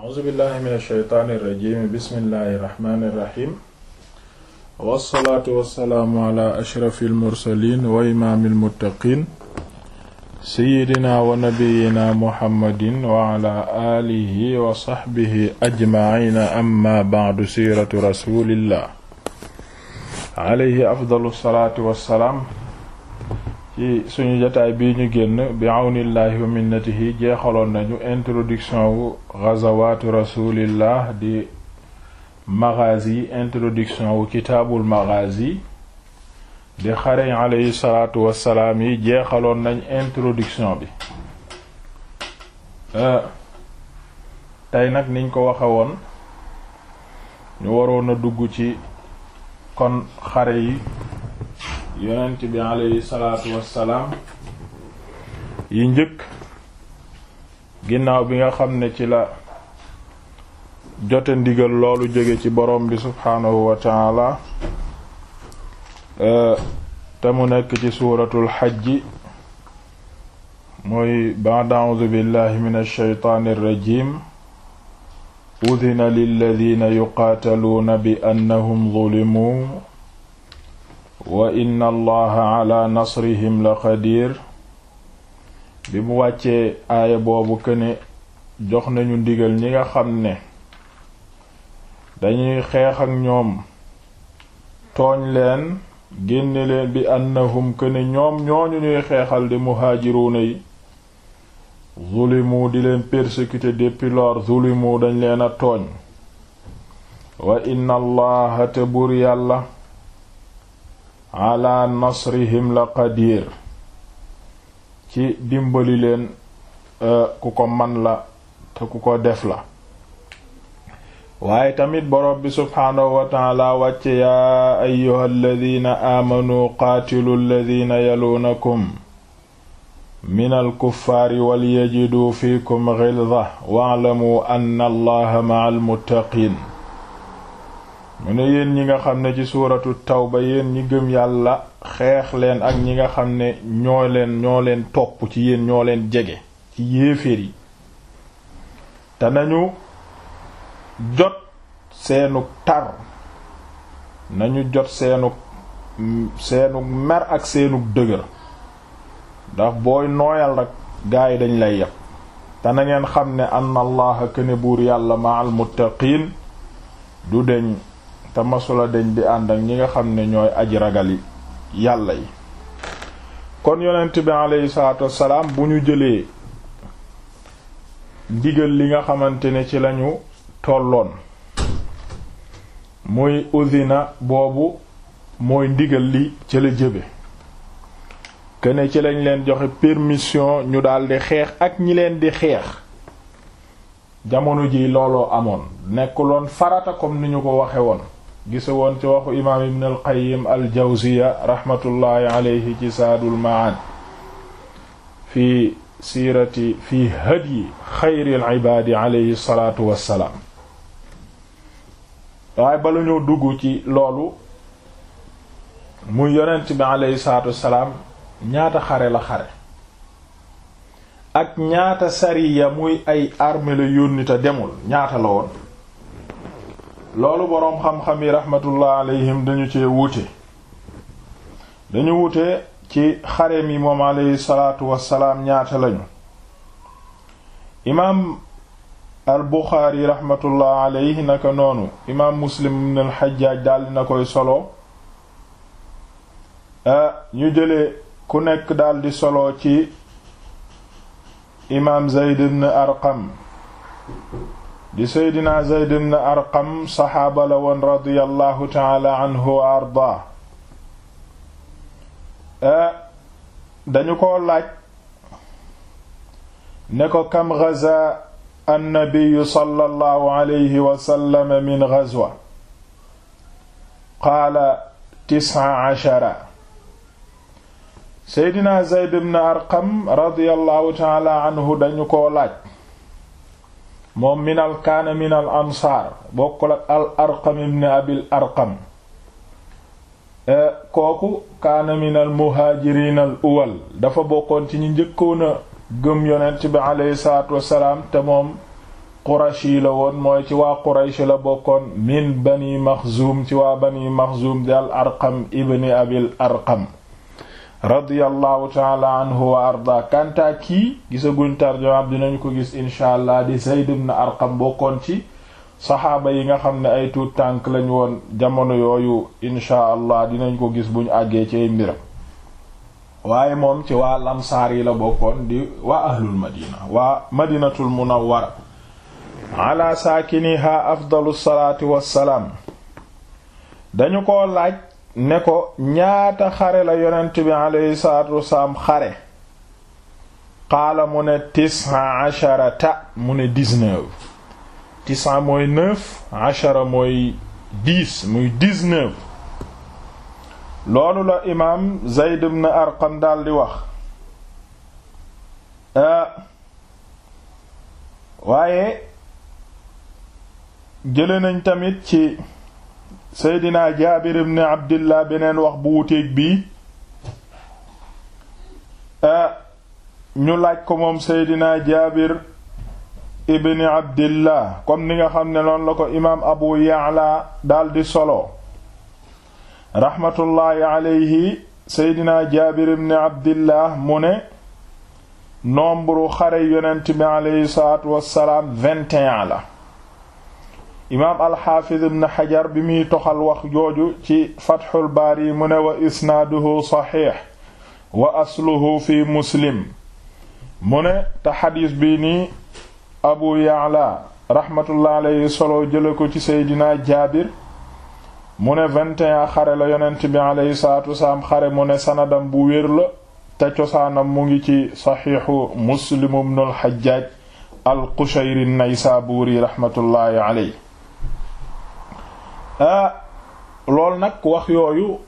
a'uuzu billahi min ashaytaani irrajim bismillahi irrahmani irrahim wassalaatu wassalaamu ala ashrafi almursalin wa imaami almuttaqin seyidina wa nabiyina muhammadin wa ala alihi wa saxbihi ajmaina amma baadu siiratu rasulillah alayhi afdalu salaatu wassalaam ci suñu jataay bii ñu génn bi àwnillaahi wa minnatihi jeexaloon nañu introduction wu ghazawaatu rasulillah di maghazi introduction wu kitaabul maghazi di xare alayhi salaatu wassalaam yi jeexaloon nañ introduction bi euh, tey nag niñ ko waxe ñu waroon a dugg ci kon xare yi yonent bi aleyhi salaatu wassalaam yi njëkk ginnaaw bi nga xam ne ci la jote ndigal loolu jóge ci borom bi subhaanahu wa taala euh, te mu nekk ci suuratul xajji mooy ba'da a'uuzu billahi min ash-shaytaani rajim udina lilladina yuqaataluuna bi annahum zulimuu wa inna allaha ala nasrihim la qadir boobu këne jox nañu ndigal ñi nga xam ne dañuy xeex ak bi annahum këne ñoom ñuy xeexal di muhaajiruuna di leen persécuté depuis lors dañ leen a wa inna te buur yàlla ala nasrihim la dimbali leen euh, ku la te ko def la waaye tamit boroom bi subhaanahu wa taala wàcce yaa ayyuha alladina aamanuu qaatilu alladina yaluunakum min alkuffaari walyajiduu fiikum ghilza wa'lamu anna allaha ma'al mu ne yéen ñi nga xam ne ci suuratu taw ba yéen ñi gëm yàlla xeex leen ak ñi nga xam ne ñoo leen ñoo leen topp ci yéen ñoo leen jege ci yéeféer yi te nañu jot seenug tar nañu jot seenug seenug mer ak seenug dëgër ndax booy nooyal rek gaay dañ lay yeb te na ngeen xam ne anna allaha këne buur yàlla ma al muttaqiin du deñ te masula deñ bi ànd ak ñi nga xam ne ñooy aji ragali yàlla yi kon yonent bi aleyhi salaatu wassalaam bu ñu jëlee ndigal li nga xamante ne ci lañu tolloon muy udina boobu mooy ndigal li ci la jëbe kene ci lañ leen joxe permission ñu daldi xeex ak ñi leen di xeex jamono ji looloo amoon nekkuloon farata comme ni ñu ko waxe woon gisa woon ci waxu imaam ibn al qayyim al jawziya raxmatullaahi alayhi ci saadul ma'aad fi siirati fi hadyi xayril ibaadi alayhi salaatu wassalaam waaye bala ñëw dugg ci loolu muy yonent bi alayhi salaatu wassalaam ñaata xare la xare ak ñaata sariya muy ay armée la yónni te demul ñaata la woon loolu boroom xam-xam yi rahmatullah alayhim dañu cee wuute dañu wuute ci xarem yi moom alayhi salaatu wassalaam ñaata lañu imaam al buxaari rahmatullah alayhi naka noonu imaam muslim ibn al daldi na koy solo ñu jële ku nekk daldi solo ci imaam zayd ibn arqam di seydina zeyd ibn arqam saxaaba la woon radiyallahu taala anhu wa ardaa eh, dañu ko laaj ne ko kam gaza annabiyu sallallahu alayhi wa sallam min gazwa qaala tis'a ashara seydina zeyd ibn arqam radiyallahu taala anhu dañu ko laaj moom minal kaana minal ansaar bokkul ak al arqam ibn abil arqam eh, kooku kaana minal muhaajiriin al uwal dafa bokkoon ci ñi njëkkoon a gëm yonent bi aleyhi salaatu wassalaam te moom qurashi la woon mooy ci waa quraysh la bokkoon min bani maxzuum ci waa bani maxzuum di al arqam ibn abil arqam radiyallahu taala anhu wa arda kanta kii gisaguñ tarjamaam dinañ ko gis incha di Zayd ibn Arqam bokkoon ci saxaaba yi nga xam ne ay tuut tànk lañ woon jamono yooyu incha allah dinañ ko gis buñ àggee ci ay mbiram waaye moom ci waa lamsaar yi la bokkoon di waa ahlul madina waa madinatul munawwara ala saakiniha afdalu salaatu wassalaam dañu ko laaj ne ko ñaata xare la yonent bi aleyhi salaatu xare qaala mu ne tis'a asharata mu ne dix-neuf tis'a mooy muy loolu la imaam Zayd ibn Arqam daal wax euh, waaye jële nañ tamit ci seydina jaabir ibn abdillah beneen wax bu wuteeg bi ah, ñu laaj ko moom seydinaa jaabir ibn abdillah comme ni nga xam ne noonu la ko imaam abu ya'la daldi solo raxmatullaahi aleyhi seydina jaabir ibn abdillah mu ne nombre xare yonent bi aleyhi salaatu wassalaam vingt et la imaam alxaafiz ibn xajar bi muy toxal wax jooju ci fatxul baari mu ne wa isnaaduhu saxiix wa asluhu fi muslim mu ne te xadiis bi nii abu ya'la raxmatullah alayhi solo jële ko ci seydina jaabir mu ne 21 xare la yonent bi alayhi salaatu wasalaam xare bu wér la te cosaanam mu ngi ci saxiixu muslim ibnul xajjaaj al qushayri naysaabuuri raxmatullaahi alayhi Ah, loolu nag wax yooyu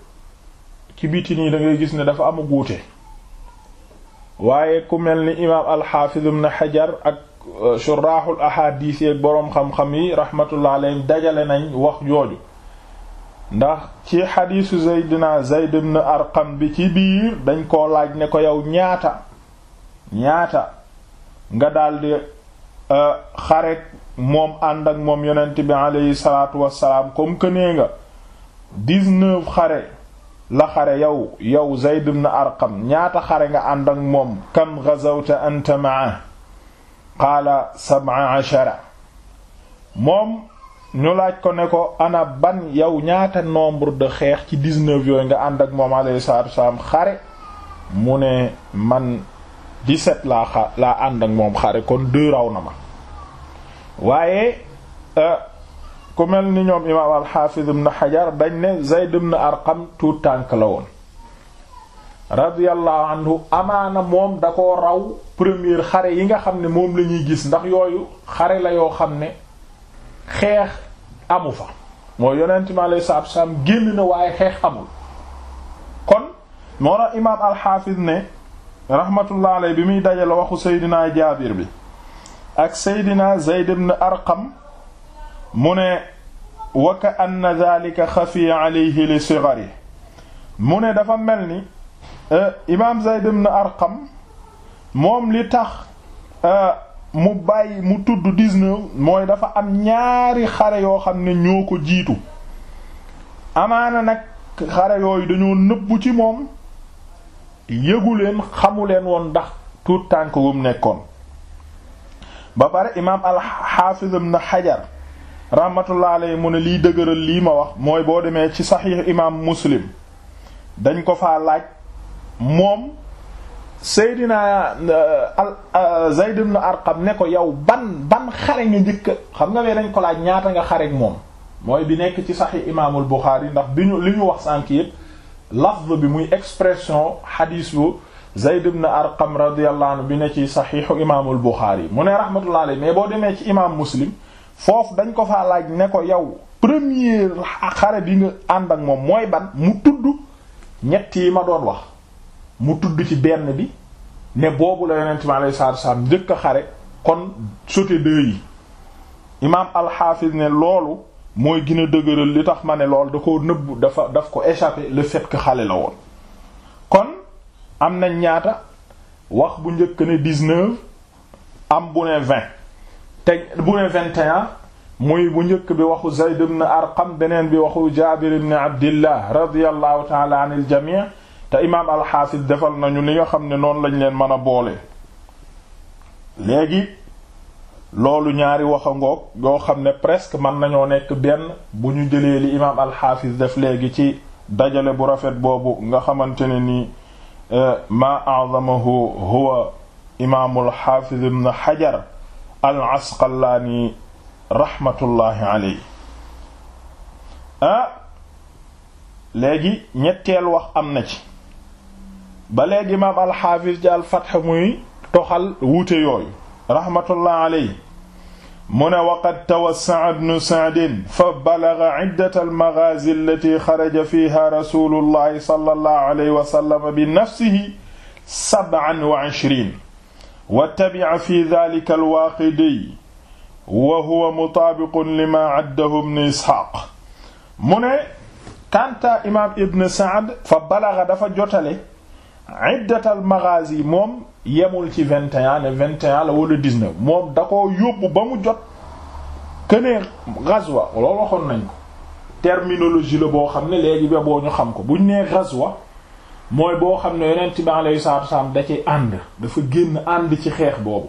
ci biti nii da gis ni dafa amug guute waaye ku mel ni imaam alxaafiz ibn xajar ak euh, shuraaxul ahadis ak boroom xam-xam yi rahmatullah leen dajale nañ wax jooju ndax ci xadiisu Zaydina Zayd ibn Arqam bi ci biir dañ koo laaj ne ko yow ñaata ñaata nga daldi euh, xareek moom ànd ak moom yonent bi aleyhi salaatu wassalaam comme que nee nga dix-neuf xare la xare yow yow Zayd na Arqam ñaata xare nga ànd ak moom kam ghazawta anta ma'a qaala sab'a ashara moom ñu laaj ko ne ko ana ban yow ñaata noombre de xeex ci dix-neuf yooyu nga ànd ak moom aleyhi salaatu wassalaam xare mu ne man di sept laa xa ànd ak moom xare kon deux raw na ma waaye euh, ku mel ni ñoom imaam alxaafiz ibn xajar dañ ne zayd ibn arqam tuut tànk la woon radiyallahu anhu amaana moom da ko raw premier xare yi nga xam ne moom lañuy gis ndax yooyu xare la yoo xam ne xeex amu fa moo yonent mi alayhi salaatu génn na waaye xeex amul kon moo tax imaam alxaafiz ne rahmatullah alayhi bi muy dajale waxu seydinaa jaabir bi ak seydina zeyd ibn arqam mu ne wa ka anna dhalika xafiya alayhi li sigari mu ne dafa mel ni e, imaam zeyd ibn arqam moom li tax e, mu bàyyi mu tudd dix-neuf mooy dafa am ñaari xare yoo xam ne ñoo ko jiitu amaana nag xare yooyu dañoo nëbbu ci moom yëgu leen xamu leen woon ndax tuut tànk wum nekkoon ba pare imaam al-Hafiz ibn Hajar rahmatullah alayhi mu ne liy dëgëral lii ma wax mooy boo demee ci saxiix imaam Muslim dañ ko faa laaj moom Seydina euh, al euh, Zayd ibn Arqam ne ko yow ban ban xare nga njëkk xam nga wee dañ ko laaj ñaata nga xare moom mooy bi nekk ci saxiix imaamul Buxaari ndax bi ñu li ñu wax sànk yépp lafz bi muy expression xadiis bu Zayd ibn Arqam radiyallahu anhu bi ne ci saxiixu imaamul Buxaari mu ne rahmatullahi alayhi mais boo demee ci imaam Muslim foofu dañ ko fa laaj ne ko yow premier xare bi nga ànd ak moom mooy ban mu tudd ñetti yi ma doon wax mu tudd ci benn bi ne boobu la yonent mi alayhi salaatu salaam njëkk a xare kon sauté deux yi imaam alxaafis ne loolu mooy gina a li tax ma ne loolu da ko nëbb dafa daf ko échappé le fait que xale la woon am nañ ñaata wax bu njëkk ni dix am bu ne vingt bu muy bu njëkk bi waxu Zayd ibn Arqam beneen bi waxu Jaabir ibn Abdillah radiyallahu taala anil jamii te imaam alxaafis defal nañu li nga xam ne noonu lañ leen mën a boole léegi loolu ñaari wax angoog yoo xam ne presque mën nañoo nekk benn bu ñu jëlee li imaam alxaafis def léegi ci dajale bu rafet boobu nga xamante ne nii maa a'zamahu huwa imaamul xaafiz ibn Hajar al-Asqalaani rahmatullahi alayhi ah léegi ñetteel wax am na ci ba léegi imaam al-Xaafiz ci al-Fath muy toxal wuute yooyu rahmatullahi alayhi mu ne waqad tawassaa bnu saadin fa balaga iddat almagaazi allati xaraja fiha rasulullahi sallallahu alayhi wa sallam bi nafsihi sab'an wa ishriin wa tabi'a fi dhalika alwaaqidiy wa huwa mutaabiqun lima addahu bnu isxaaq mu ne kanta imaam ibn saad fa balaga dafa jotale iddatal maghazi moom yemul ci vingt et un ne vingt et un la wala dix-neuf moom da ko yóbbu ba mu jot kënee ghazwa loolu waxoon nañ ko terminologie la boo xam ne léegi ba boo ñu xam ko buñ nee ghazwa mooy boo xam ne yonent bi alayhi salaatu wasallam da ci ànd dafa génn ànd ci xeex boobu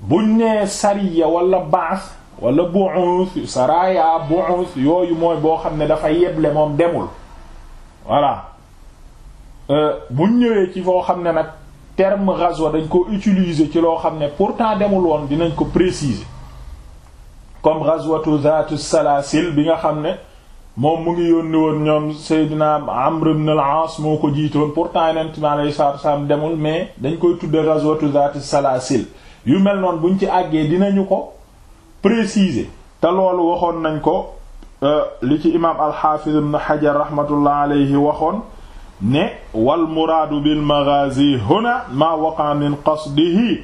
buñ nee sariya wala baas wala bu'uth saraya bu'uth yooyu mooy boo xam ne dafa yeble moom demul voilà Euh, buñ ñëwee ci foo xam ne nag terme ghazwa dañ ko utiliser ci loo xam ne pourtant demul woon dinañ ko préciser comme ghazwatu zaatu salaasil bi nga xam ne moom mu ngi yónni woon ñoom Seydina Amr ibn al-As moo ko jiitoon pourtant Yonent bi alayhi salaatu wa salaam mais dañ koy tudde ghazwatu zaatu salaasil yu mel noonu buñ ci àggee dinañu ko préciser te loolu waxoon nañ ko euh, li ci imaam al-Hafiz ibn Hajar rahmatullah alayhi waxoon ne wal muraadu bil maghazi huna maa waqa min qasdihi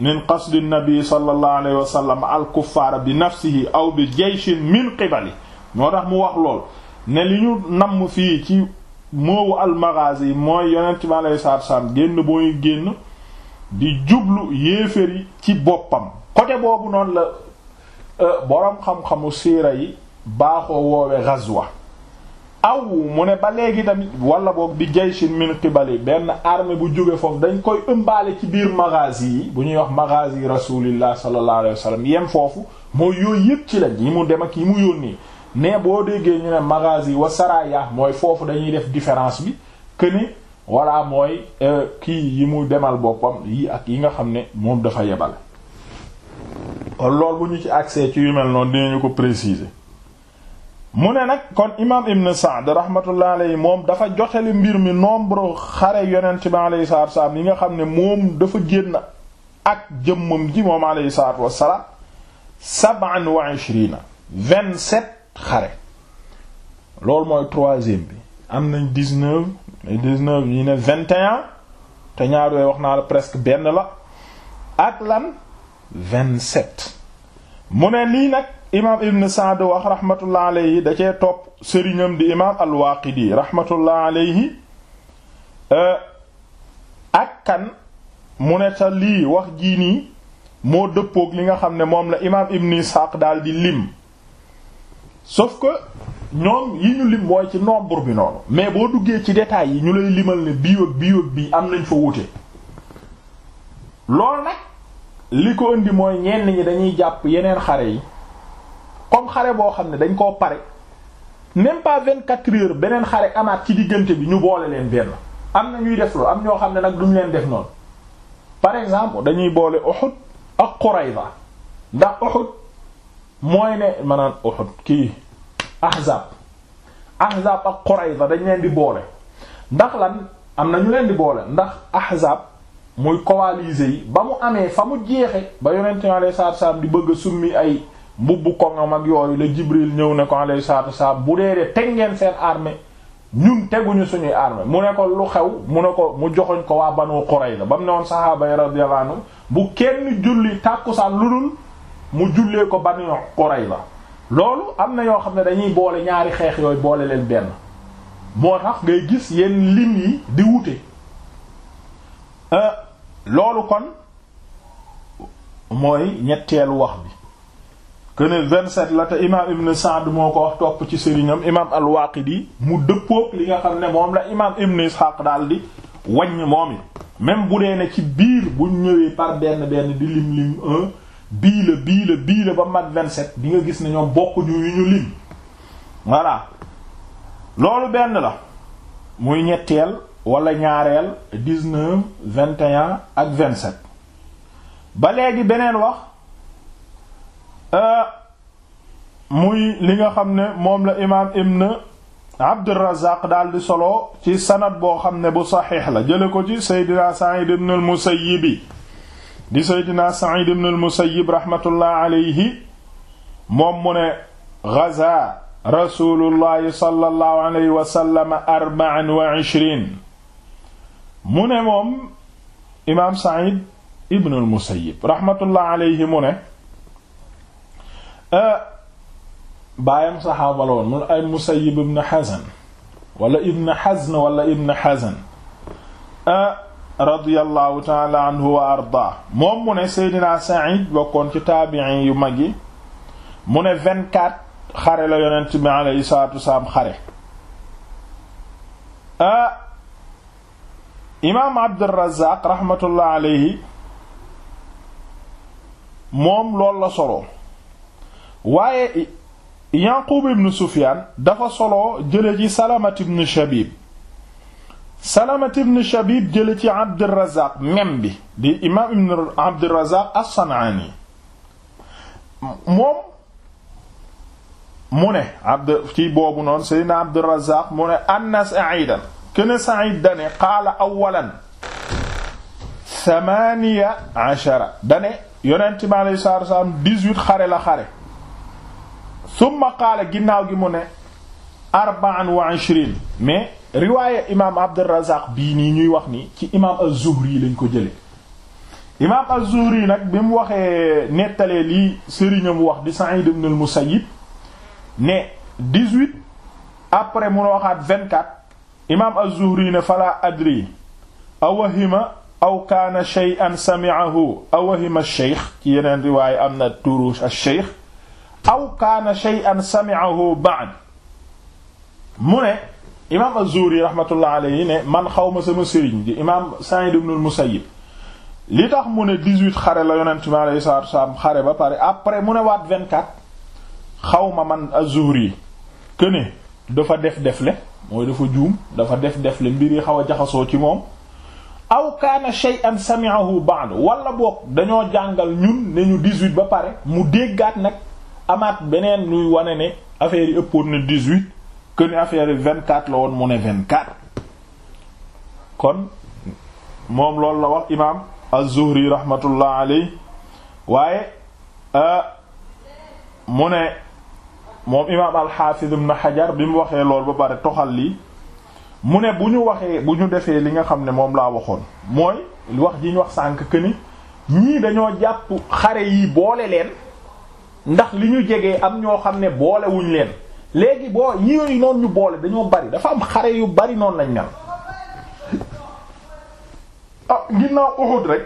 min qasdi nabi sallallahu alayhi bi nafsihi aw bi jayshin min qibali moo tax mu wax lool ne li ñu namm fii ci moowu al maghazi mooy yonent bi alayhi salaatu wasalaam génn booy génn di jublu yéeféer ci boppam côté boobu noonu la euh, boroom xam-xamu siira yi baaxoo woowe ghazwa aw mu ne ba léegi tamit wala boog bi jayshin min qibali benn armée bu jóge foofu dañ koy ëmbaale ci biir maghazi yi bu ñuy wax maghazi rasulillah sallallahu alayhi wa sallam yem foofu mooy yooyu yëpp ci lañ yi mu dem ak yi mu yónnee mais boo déggee ñu ne maghazi wa mooy foofu dañuy def différence bi que ne walla mooy euh, kii yi mu demal boppam yi ak yi nga xam ne moom dafa yebal kon loolu bu ñu ci accès ci yu mel noonu dinañu ko préciser mu ne nag kon imaam Ibn Sa'd rahmatullah alayhi moom dafa joxeli mbir mi nombre xare yonent bi alayhi salaatu wasalaam li nga xam ne moom dafa génn ak jëmmam ji moom alayhi salaatu wasalaam sab'an wa ishrina vingt-sept xare loolu mooy troisième bi am nañ dix-neuf dix ne vingt et te ñaar yooyu wax naa la presque benn la ak lan vingt-sept mu ne lii nag imaam ibn Sa'd wax rahmatullah alayhi da cee topp sëriñam di imaam al-Waaqidi rahmatullah alayhi eh, ak kan mu ne ta lii wax jii nii moo dëppoog li nga xam ne moom la imaam ibn Isaaq daal di lim sauf que ñoom yi ñu lim mooy ci nombre bi noonu mais boo duggee ci détails yi ñu lay limal ne bii ak bii am nañ fa wute loolu nag li ko indi mooy ñenn ñi dañuy jàpp yeneen xare yi comme xare boo xam ne dañ koo pare même pas vingt-quatre heures beneen xare amaat ci diggante bi ñu boole leen benn am na ñuy def loolu am ñoo xam ne nag du duñ leen def noonu par exemple dañuy boole Uhud ak Qurayza ndax Uhud mooy ne maanaam Uhud kii Ahzab Ahzab ak Qurayza dañ leen di boole ndax lan am na ñu leen di boole ndax Ahzab muy coalisés yi ba mu amee fa mu jeexe ba yonente mi alayhi salaatu wa di bëgg a summi ay mbubbu koŋam ak yooyu la Jibril ñëw ne ko alayhi salaatu wasalaam bu dee dee teg ngeen seen armée ñun teguñu suñuy armée mu ne ko lu xew mu ne ko mu joxoñ ko waa Banu Qurayza ba mu ne woon sahaaba ya radiyallahu anhu bu kenn julli tàkkusaan lu dul mu jullee ko Banu la loolu am na yoo xam ne dañuy boole ñaari xeex yooyu boole leen benn moo tax ngay gis yenn lim yi di wute euh, loolu kon mooy ñetteelu wax bi këne set la te imaam Ibn Sa'd moo ko wax topp ci sëriñam imaam al-Waaqidi mu dëppook li nga xam ne moom la imaam Ibn Ishaq daal di wàññ moom yi même bu dee ne ci biir bu ñëwee par benn benn di lim lim bii la bii la bii la ba mat 27 di nga gis ne ñoom bokkuñu yu ñu lim voilà loolu benn la muy ñetteel wala ñaareel 19 21 ak 27 ba léegi beneen wax. Euh, muy li nga xam ne moom la imaam ibn abdurazaq daal di solo ci sanad boo xam ne bu saxiix la jële ko ci seydina sa'id ibn al musayyibi di seydina sa'id ibn al musayyib rahmatullah alayhi moom mu ne gaza rasulullahi sallallahu alayhi wa sallam arba'an wa ishrin mu ne moom imaam sa'id ibn al musayyib rahmatullah alayhi mu ne Euh, baayam saxaaba la woon mun ay Musayyib ibn Hazn wala ibn Hazn wala ibn Hazn euh, radiyallahu taala anhu wa arda moom mu ne Seydina Sa'id bokkoon ci taabiin yu mag yi mu ne vingt-quatre xare la yonent bi aleyhi salaatu wasalaam xare ah imaam rahmatullah aleyhi moom loolu la waaye Yaqub ibn Sufyaan dafa solo jële ci Salamat ibn Shabib Salamat ibn Shabib jële ci Abdurrazaaq même bi di imaam ibn Abdurrazaaq as-San'aani moom mu ne abd ci boobu noonu Seydina Abdurrazaaq anna Sa'iidan kene Sa'iid dane qaala awwalan thamaaniya ashara dane yonent bi alayhi salaatu la xare summa qaala ginnaaw gi mu ne arba'an wa ishrin mais riwaaya imaam Abdurrazaaq bii nii ñuy wax ni ci imaam az-Zuhri lañ ko jële imaam az-Zuhri nag bi mu waxee nettalee lii sëriñam wax di Sa'id ibn al-Musayyib ne 18 après mu waxaat 24 imaam az-Zuhri ne fala adri awahima aw kaana shay'an sami'ahu awahima ash-shaykh ci yeneen riwaaya am na tuuru ash-shaykh aw kaana shay'an sami'ahu ba'd mu ne imaam yi zuhri rahmatullah yi ne man xawma sama sëriñ di imaam Sa'id ibn al li tax mu ne 18 xare la yonent mi alayhi salaatu wasalaam xare ba pare après mu ne waat 24 xawma man az yi que ne dafa def defle mooy dafa juum dafa def defle mbir yi xaw a jaxasoo ci moom aw kaana shay'an sami'ahu ba'd walla boog dañoo jàngal ñun ne ñu 18 ba pare mu déggaat nag amaat beneen luy wane ne affaire yi ëppoon na dix-huit que ni vingt-quatre la woon mu ne vingt-quatre kon moom loolu la wax imaam az-Zuhri rahmatullah aley waaye euh, mu ne moom imaam al-Hafiz ibn Hajar bi mu waxee lool ba pare toxal lii mu ne bu ñu waxee bu ñu defee li nga xam ne moom laa waxoon mooy wax ji wax sànq que ni ñii dañoo jàpp xare yi boole leen ndax li ñu jegee am ñoo xam ne boole wuñ leen léegi boo yooyu noonu ñu boole dañoo bari dafa am xare yu bari noonu lañ mel ah ginnaaw Uhud rek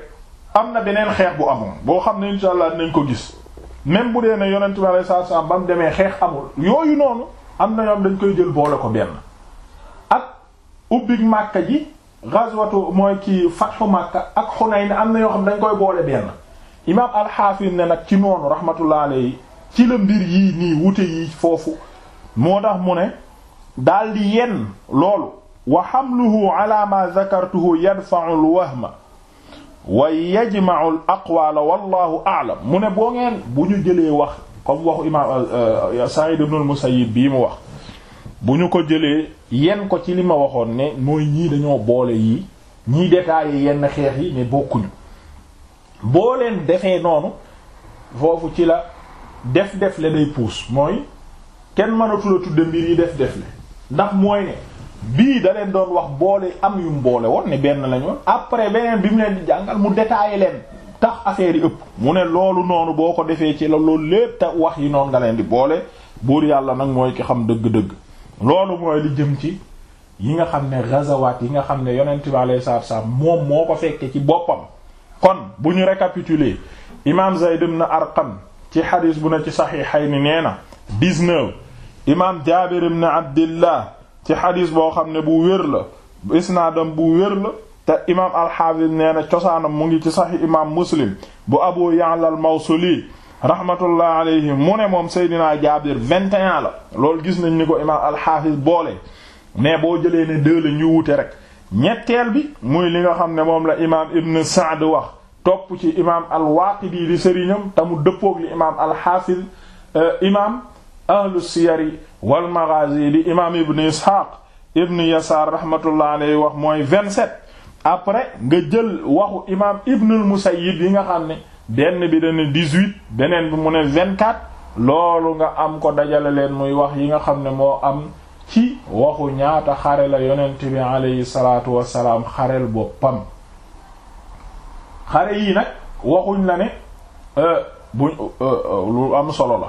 am na beneen xeex bu amoon boo xam ne insha allah nañ ko gis même bu dee ne yonent bi alayhi salaatu salaam ba mu demee xeex amul yooyu noonu am na ñoom dañ koy jël boole ko benn ak ubbig Makka ji ghazwatu mooy kii fathu Makka ak Hunayn am na yoo xam dañ koy boole benn imaam alxaafis ne nag ci noonu rahmatullah ci la mbir yi nii wute yi foofu moo tax mu ne daldi yenn loolu wa xamluhu ala ma zakartuhu yadfa'u al wa yajma'u al-aqwaala wallahu mu ne boo ngeen bu ñu jëlee wax comme waxu imaam Sa'id ibn al bii mu wax bu ñu ko jëlee yenn ko ci li ma waxoon ne mooy ñii dañoo boole yi ñii détaillé yenn xeex yi ne bokkuñu boo leen defee noonu foofu ci la def def le day puus mooy kenn mënatu la tudde mbir yi def def ndax mooy ne bii da doon wax boole am yum boole woon ne benn lañu woon après beneen bi mu leen di jàngal mu détaillé leen tax affaire yi ëpp mu ne loolu noonu boo ko defee ci la loolu lépp te wax yi noonu nga leen di boole buur yàlla nag mooy ki xam dëgg-dëgg loolu mooy li jëm ci yi nga xam ne gazawaat yi nga xam ne yonent bi alayhi salaatu wasallam moom moo ko fekke ci boppam kon bu ñu récapituler imaam Zayd ibn Arqam ci xadis bu ne ci saxiixayni nee na 19 imaam Jaabir ibn Abdillah ci xadis boo xam ne bu wér la isnaadam bu wér te imaam al-Haafis nee na cosaanam mu ngi ci saxiix imaam Muslim bu Abu Ya'la al-Mawsili rahmatullah alayhi mu ne moom Seydina Jaabir 21 la loolu gis nañ ni ko imaam al boole mais boo jëlee ne deux ñu wute rek. ñetteel bi muy li nga xam ne moom la imaam Ibn Sa'd wax topp ci imaam al-Waaqidi di sëriñam te mu dëppoog li imaam al-Haafiz euh, imaam ahlu siyari wal maghaazi di imaam Ibn Isxaaq Ibn Yasaar rahmatullah alayhi wax mooy 27. après nga jël waxu imaam Ibn al-Musayyib yi nga xam ne benn bi la dana 18 beneen bi mu ne 24 loolu nga am ko dajale leen muy wax yi nga xam ne moo am. ci waxu ñaata xare la yonent bi aleyhi salaatu wasalaam xareel boppam xare yii nag waxuñ la ne euh, bu euh, euh, lu am solo la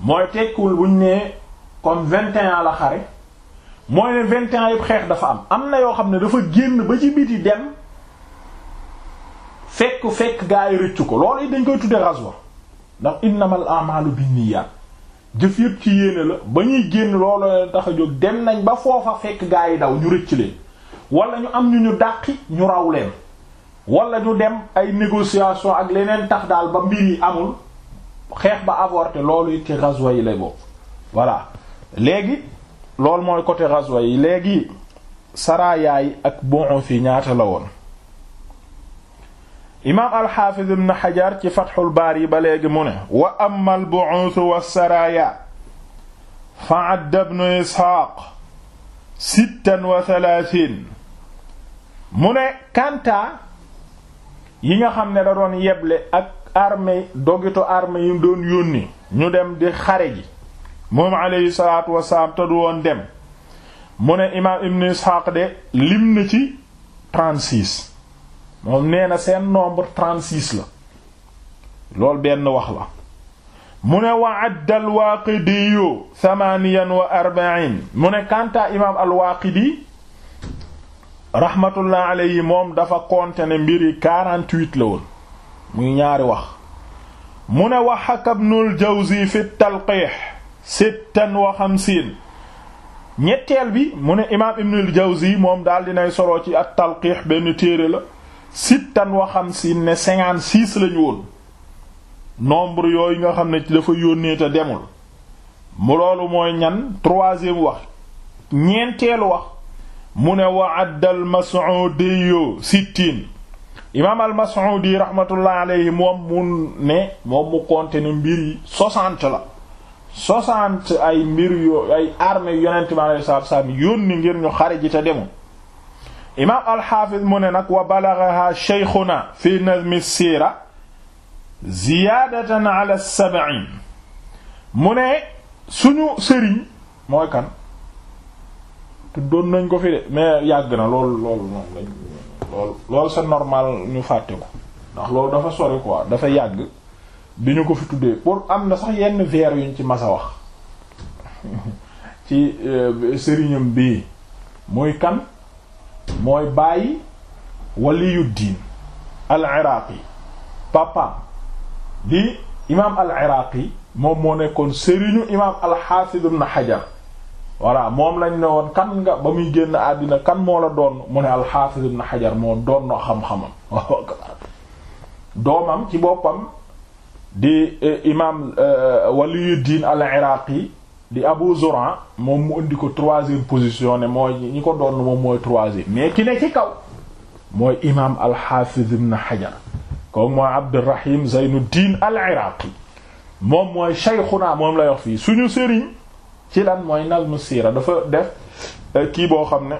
mooy tekkiwul buñ nee comme vingt et un la xare mooy ne vingt et un xeex dafa am am na yoo xam ne dafa génn ba ci biti dem fekk fekk gaa yi rëccu ko loolu dañ koy tudde ghazwa ndax innamal a'malu binniyat jëf yëpp ci yéene la ba ñuy génn loolu leen tax a jóg dem nañ ba foofa fekk gaa yi daw ñu rëcc leen wala ñu am ñu ñu dàqi ñu raw leen wala ñu dem ay négociation ak leneen tax daal ba mbir yi amul xeex ba avorté loolu it ci ghazwa yi lay bokk voilà léegi loolu mooy côté ghazwa yi léegi sarayaay ak bon fi ñaata la woon imaam alxaafiz ibn xajar ci fatxul yi ba léegi mu ne wa amma albu'uth wa saraaya fa adda ibnu isxaaq mu ne kantaa yi nga xam ne da doon yeble ak armée dogito armée yi doon yónni ñu dem di xare ji moom aleyhi du woon dem mu ne imaam ibnu isxaaq de lim na ci 36 moom nee na seen nombre trente-six la loolu benn wax la mu ne wa adda alwaaqidiyu thamaaniyan wa arba'iin mu ne kantaa imaam alwaaqidi rahmatullah alayhi moom dafa compter ne mbir yi la woon muy ñaari wax mu ne wa haka ibnul jawzi fi talqiix ñetteel bi mu ne imaam ibnul jawzi moom daal dinay soroo ci at talqiix benn téere la sittan waxam si ne cinquante six lañu woon nombre yooyu nga xam ne ci dafa yónnee te demul mu loolu mooy ñan troisième wax ñeenteelu wax mu ne wa adda al mas'udi sittin imaam al mas'udi rahmatullah alayhi moom mu ne moom mu compter ne mbir yi la soixante ay mbir yoo ay armée yonent bi alayhi salaatu yónni ngir ñu xare ji te demul imaam alxaafiz mu ne nag wa balagaha sheykhuna fi nazmi siira ziyaadatan ala sab'in mu ne suñu sëriñ mooy kan tuddoon nañ ko fi de mais yàgg na lool lool sa lañ normal ñu fàtte ko ndax loolu dafa sori quoi dafa yàgg bi ñu ko fi tuddee pour am na sax yenn vers yuñ ci masa wax ci euh, sëriñam bii muy kan mooy bàyyi waliyu diin al iraqi papaam di imaam al iraqi moom moo nekkoon sëriñu imaam al xaafid ibn xajar voilà moom lañ ne woon kan nga ba muy génn àddina kan moo la doon mu ne al xaafid ibn xajar moo doon na xam-xamam doomam ci boppam di eh, imaam eh, waliyu diin al iraqi di Abu Zur'a moom mu indi ko troisième position ne mooy ñi ko doon moom mooy troisième mais ki ne ci kaw mooy imaam al-Hafiz ibn Hajar kooku mooy Abdurrahim Zaynuddin al-Iraqi moom mooy shaykhuna moom lay wax fii suñu sëriñ ci lan mooy la nazmu siira dafa def eh, kii boo xam ne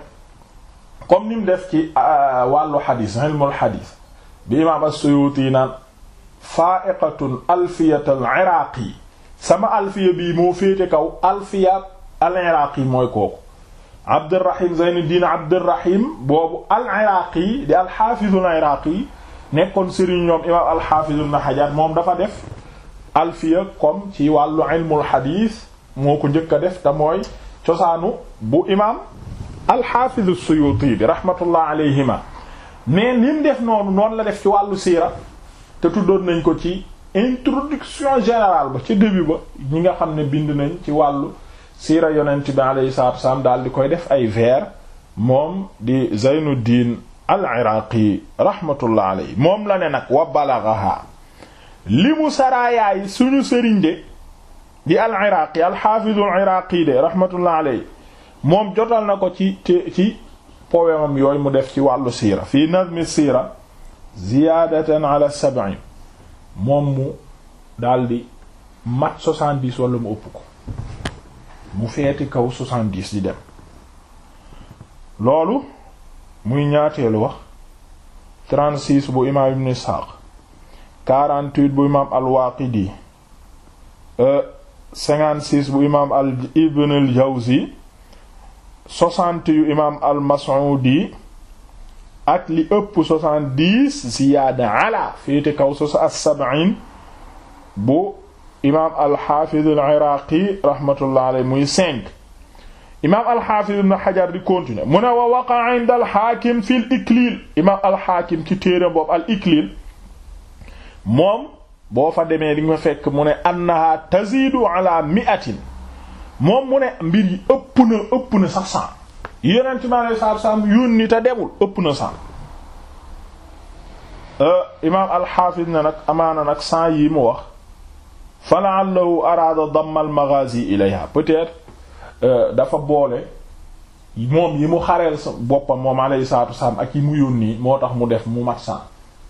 comme ni mu def ci ah, wàllu xadiis ilmul xadiis bi imaam as-Suyuti naan alfiyat al-Iraqi sama alfiya bii moo féete kaw alfiya al-Iraqi mooy kooku Abdurrahim Zaynuddin Abdurrahim boobu al-Iraqi di al-Haafizul Iraqi nekkoon sëriñ ñoom imaam al-Haafiz Ibn Hajar moom dafa def alfiya comme ci wàllu ilmul moo ko njëkk a def te mooy cosaanu bu imaam al-Haafiz as-Suyuti bi rahmatullah alayhima mais lim def noonu noonu la def ci wàllu siira te tuddoon nañ ko ci introduction générale ba ca début ba ñi nga xam ne bind nañ ci wàllu siira yonent bi aleyhi salatu wasalaam daal di koy def ay vers moom di Zaynuddin al-Iraqi rahmatullah aley moom la ne nag wa balagaha li mu saraayaay suñu sëriñ de di al-Iraqi al-Hafiz al-Iraqi de rahmatullah moom jotal na ko ci ci poème yooyu mu def ci wàllu siira fii nazmi siira ziyaadatan ala sab'in moom mu daldi mat soixante-dix wala mu ëpp ko mu feeti kaw soixante-dix di dem loolu muy ñaateelu wax trente-six bu imaam ibn Ishaq quarante-huit bu imaam al-Waaqidi e cinquante-six bu imaam al ibn al-Jawzi yu imaam al-Mas'udi ak li ëpp soixante-dix ziyaada ala féete kaw sosa bu imaam al al-Iraqi muy imaam al-Hafiz Hajar di continuer mu wa waqa'a 'inda al fi al-Iklil imaam al-Hakim fa demee di nga fekk mu ne annaha tazidu ala mi'atin moom mu ëpp na ëpp na sax yeneen ci maanaam saabsaab yónni te demul ëpp na sax euh, imaam alxaafis na nag amaana nag sans yi mu wax fa la'allahu araada dammal maghazi ilayha peut-être euh, dafa boole moom yi mu xareel sa boppam moom alayhi salaatu ak yi mu yónni moo tax mu def mu mat sans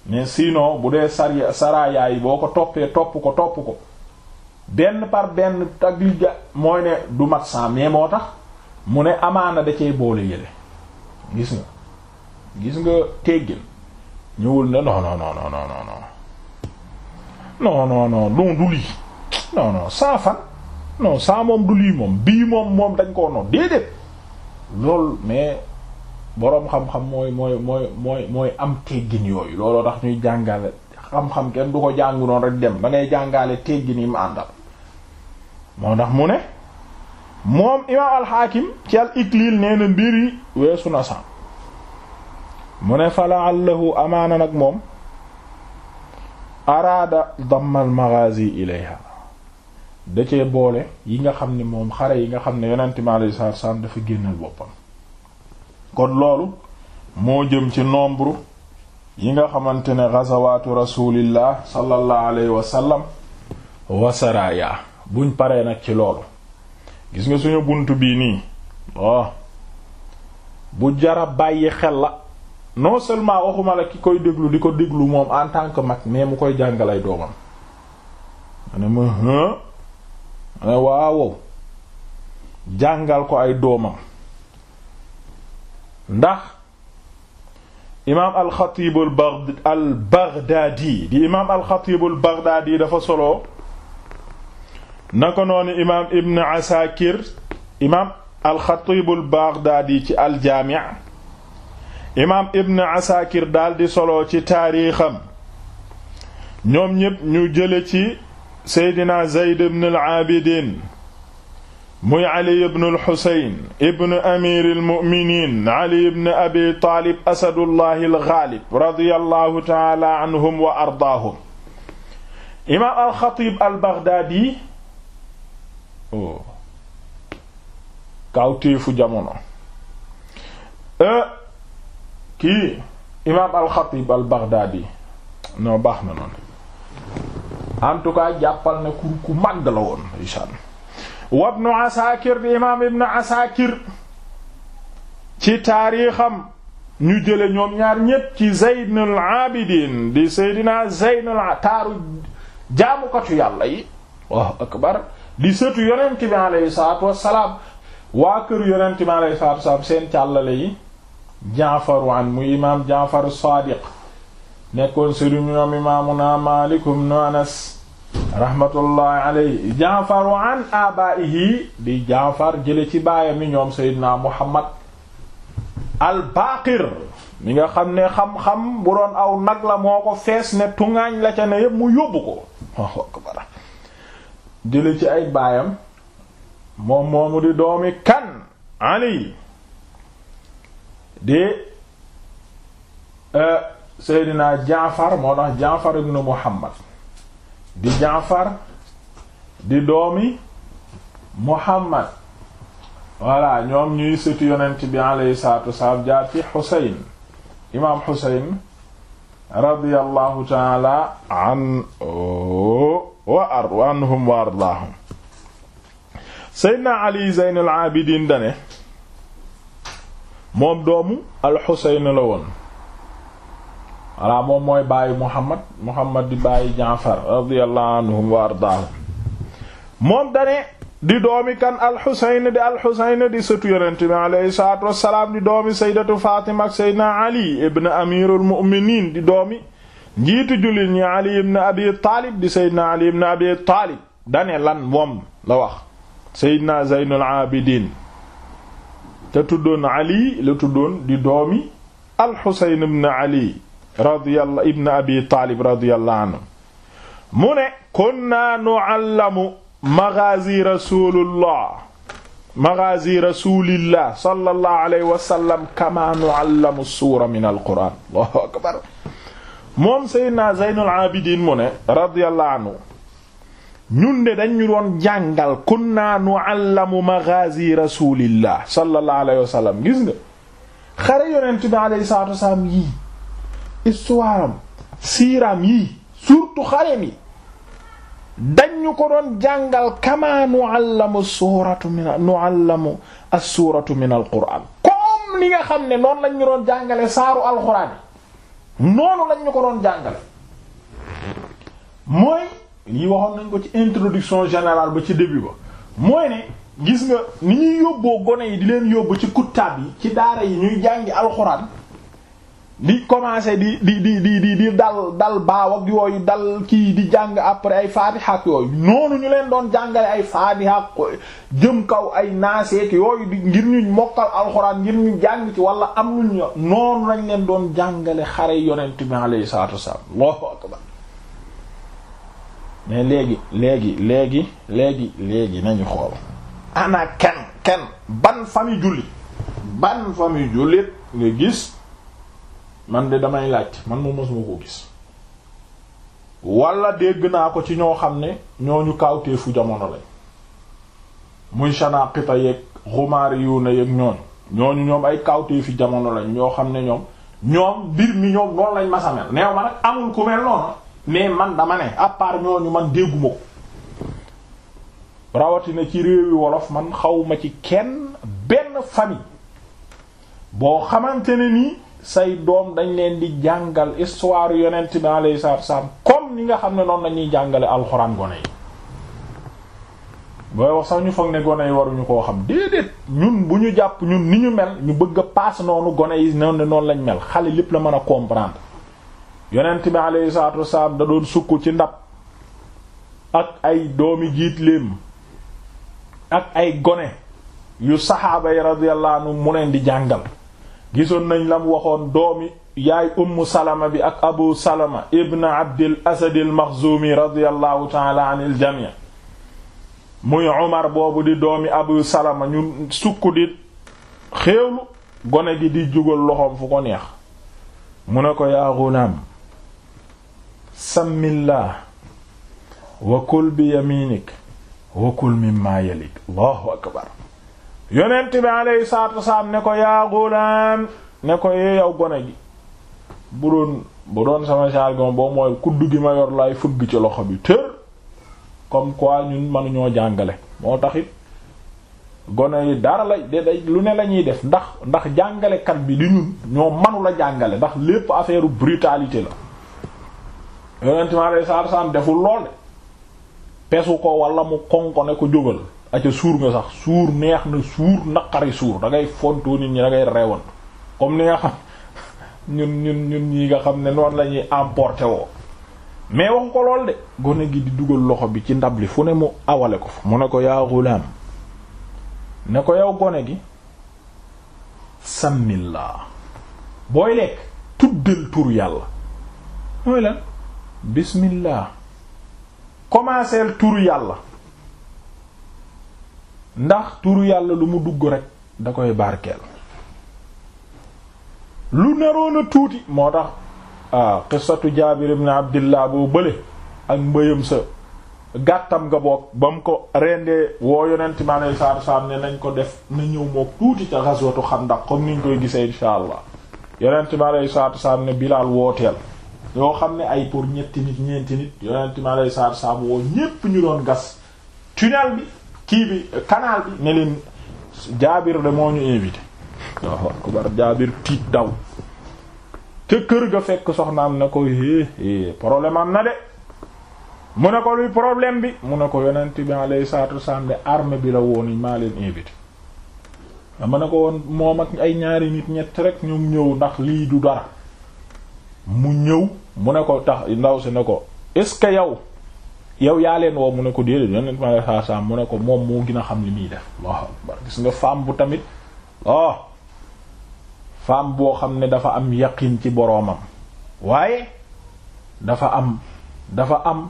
mais sinon bu dee sariya saraayaa yi boo ko toppee topp ko topp ko benn par benn tagli ga mooy ne du mat sans mais moo tax. mu ne amaana da cee boole yële gis nga gis nga teggin ñëwul na non non non non non non non non saa fan non saa moom du lii moom bii moom moom dañ koo non déedéet loolu mais boroom xam-xam mooy mooy mooy mooy mooy am teggin yooyu looloo tax ñuy jàngale xam-xam kenn du ko jàngu noonu rek dem da ngay jàngale teggin yi mu moo tax mu ne. moom imaam alxaakim ci al iklil nee mbir yi weesu na san mu ne fa laallahu amaana nag moom araada dammal maghazi ilayha da cee boole yi nga xam ni moom xare yi nga xam ne yonent mi alayhi salaatu salaam dafa génnal boppam kon loolu moo jëm ci nombre yi nga xamante ne ghazawaatu rasulillah sallallahu alayhi wa sallam wasaraaya buñ paree nag ci loolu gis nga suñu bunt bii nii bu jara bàyyi xel la non seulement waxuma la ki koy déglu di ko déglu moom en tant que mag mais mu koy jàngalay doomam ma jàngal ko ay doomam ndax imaam alxatibul baghdadi di imaam alxatibul baghdadi dafa solo na ko noonu imaam Ibn Asakir imaam alxatibul Baghdaadi ci aljaami' imaam Ibn Asakir daal di solo ci taarixam ñoom ñépp ñu jële ci Seydina Zayd ibn al-Abidin muy Ali ibn al-Husayn ibn amir al-mu'minin Ali ibn Abi Taalib asadullahi al-ghaalib radiyallahu ta'ala anhum wa ardaahum imaam al-Xatiib al-Baghdaadi oh kawtéefu jamono eh, kii imaam al-Xatib al baax na noonu en tout cas jàppal na ku ku la woon isaan wa Asakir di imaam ibnu Asakir ci taarixam ñu jële ñoom ñaar ñépp ci Zeynul Abidin di Seydina Zeynul taaru jaamukatu yàlla yi akbar di sëtu yonent bi alayhi salaatu wassalaam waa kër yonent bi alayhi salaatu wassalaam seen càllale yi jaafaru an muy imaam jaafaru saadiq nekkoon sëriñ ñoom imaamuna maalikum nu anas rahmatullahi alayhi jaafaru an abaa'ihi di jaafar jële ci baayam yi ñoom seydina muhammad al mi nga xam ne xam-xam bu doon aw nag la moo ko fees ne tungaañ la ca ne yépp mu yóbbu ko jële ci ay baayam moom moomu di doomi kan ali di euh, seydina jaafar moo tax jaafar ibnu muhammad di jaafar di doomi muhammad voilà ñoom ñuy sëtu yonent bi alayhi salatu wasalaam jaar ci xusayn imaam xusayn radiallahu taala anhu wa ar wa anhum wa ardaahum seydna ali zeynul abidin dane moom doomu alxuseyn la woon walla moom mooy bàyyi muhammad muhammad di bàyyi jaafar radiyallahu anhum wa ardaahum moom dane di doomi kan alxuseyn di alxuseyn di sëtu yonent bi wassalaam di doomi seydatu faatima seydna ali ibn amirul mu'minin di doomi njiitu jullit ñi Ali ibn Abi Taalib di Seydina Ali ibn Abi Taalib dane lan moom la wax Seydina Zeynul Abidin te tuddoon Ali la tuddoon di doomi al-Husayn ibn Ali radiyallahu ibn Abi Taalib radiyallahu anhu mu ne kunna nu'allamu maghaazi rasulillah maghaazi rasulillah sallallahu alayhi wa sallam kama nu'allamu suura min al-Qur'an Allahu akbar moom Seydina Zeynul Abidin mu ne radiyallahu anhu ñun de dañu doon jàngal kunna nu'allamu maghazi rasulillah sallallahu alayhi wa sallam gis nga xare yonent bi alayhi salatu wasallam yii histoire am siiraam dañu ko doon jàngal kama nu'allamu suuratu min suuratu min al-qur'an comme li nga xam ne noonu lañu doon jàngale saaru alxuraan noonu lañ ñu ko doon jàngale mooy lii waxoon nañ ko ci introduction général ba ci début ba mooy ne gis nga ni ñuy yóbboo gone yi di leen yóbbu ci kuttaab yi ci daara yi ñuy jàngi alxuraan di commencer di di di di di di dal dal baaw ak yooyu dal kii di jàng après ay faatiha ak yooyu noonu ñu leen doon jàngale ay faatiha jëm kaw ay naaseek yooyu di ngir ñu mokkal alxuraan ngir ñu jàng ci wala am luñ noonu lañ leen doon jàngale xare yonent bi alayhi salaatu wassalaam Allahu akbar mais léegi léegi léegi léegi léegi nañu xool ana kenn kenn ban famille jullit ban famille jullit nga gis man de damay laaj man moom mosuma ko gis wala dégg naa ko ci ñoo xam ne ñooñu fu jamono lañ muy Shanaqita yeeg xumaari yu ne yeeg ñooñu ñoom ay kaawteefi jamono lañ ñoo xam ne ñoom ñoom mbir mi ñoom noonu lañ masa mel neew ma nag amul ku mel noonu mais man dama ne à part ñooñu man dégguma ko rawatina ci réewi wolof man xawuma ci kenn benn famille boo xamante ne nii say doom dañ leen di jàngal histoire yonent bi alayhi salaatu wasalaam comme ni nga xam ne noonu lañuy jàngale alxuraan gone yi booy wax sax ñu foog ne gone yi waruñu koo xam déedéet ñun bu ñu jàpp ñun ni ñu mel ñu bëgg paas noonu gone yi noonu noonu lañ mel xale lépp la mën a comprendre yonent bi alayhi salaatu doon sukk ci ndab ak ay doomi jiitleem ak ay gone yu saxaaba yi radiyallahu anhu mu leen di jàngal gisoon nañ lam waxoon doomi yaay ummu salama bi ak abu salama ibn abdil asadil maxzumi radiallahu taala an il jami muy omar boobu di doomi abu salama ñu sukk di xéewlu gone gi di jógal loxoom fu ko neex mu ne ko yaa gulaam sammillah wa kul bi yaminik wa kul mimma yalik allahu akbar yonent bi alayhi salaatu ne ko yaa gulaam ne ko yee eh, yow gone gi bu doon bu doon sama jargon boo mooy kudd gi ma yor lay fëgg ci loxo bi tër comme quoi ñun mënuñoo jàngale moo taxit gone yi dara la lu ne lañuy def ndax ndax jàngalekat bi li ñun ñoo manu la jàngale ndax lépp affaire brutalité la yonent bi alayhi salaatu deful lool de pesu ko wala mu kon ko jógal aca suur nga sax suur neex na suur naqari suur da ngay fontoo nit ñi da ngay reewan comme ni nga xam ñun ñun ñun ñi nga xam ne noonu la ñuy emporté woo mais wax ko lool de gone gi di dugal loxo bi ci ndab li fu ne mu awale ko fa mu ne ko yaa gulaam ne ko yow gone gi sàmmilaa booy lekk tuddal tur yàlla mooy lan bismillah commencer tur yàlla ndax turu yàlla lu mu dugg rek da koy barkeel lu naroon a tuuti moo tax ah qissatu jaabir ibn abdillah boo bële ak mbëyam sa gàttam nga boog ba mu ko rendee woo yonent mi alei salatu salaam ne nañ ko def na ñëw mook tuuti ca ghazwatu xandaq comme niñ koy gisee insha allah yonent mi alei salatu salaam ne bilaal wooteel yoo xam ne ay pour ñetti nit ñeenti nit yonent mi alei salatu salaam woo ñépp ñu doon gas tunnel bi kii bi canal bi ne leen jaabir de moo ñu invité waaw akbar jaabir tiit daw kër ga fekk soxnaam ne ko é eh, eh, problème am na de mu ne ko luy problème bi mu ne ko yonent bi alayhi salaatu wasallam de armée bi la woon maa leen invité dama ne ko woon moom ak ay ñaari nit ñett rek ñu ñëw ndax lii du dara mu ñëw mu ne ko tax ndaw si ne ko est-ce que yow yow yaa leen woo mu ne ko déedéet yonent mi mu ne ko moom moo gën a xam li muy def Allahu akbar gis nga femme bu tamit oh femme boo xam ne dafa am yaqin ci boroomam waaye dafa am dafa am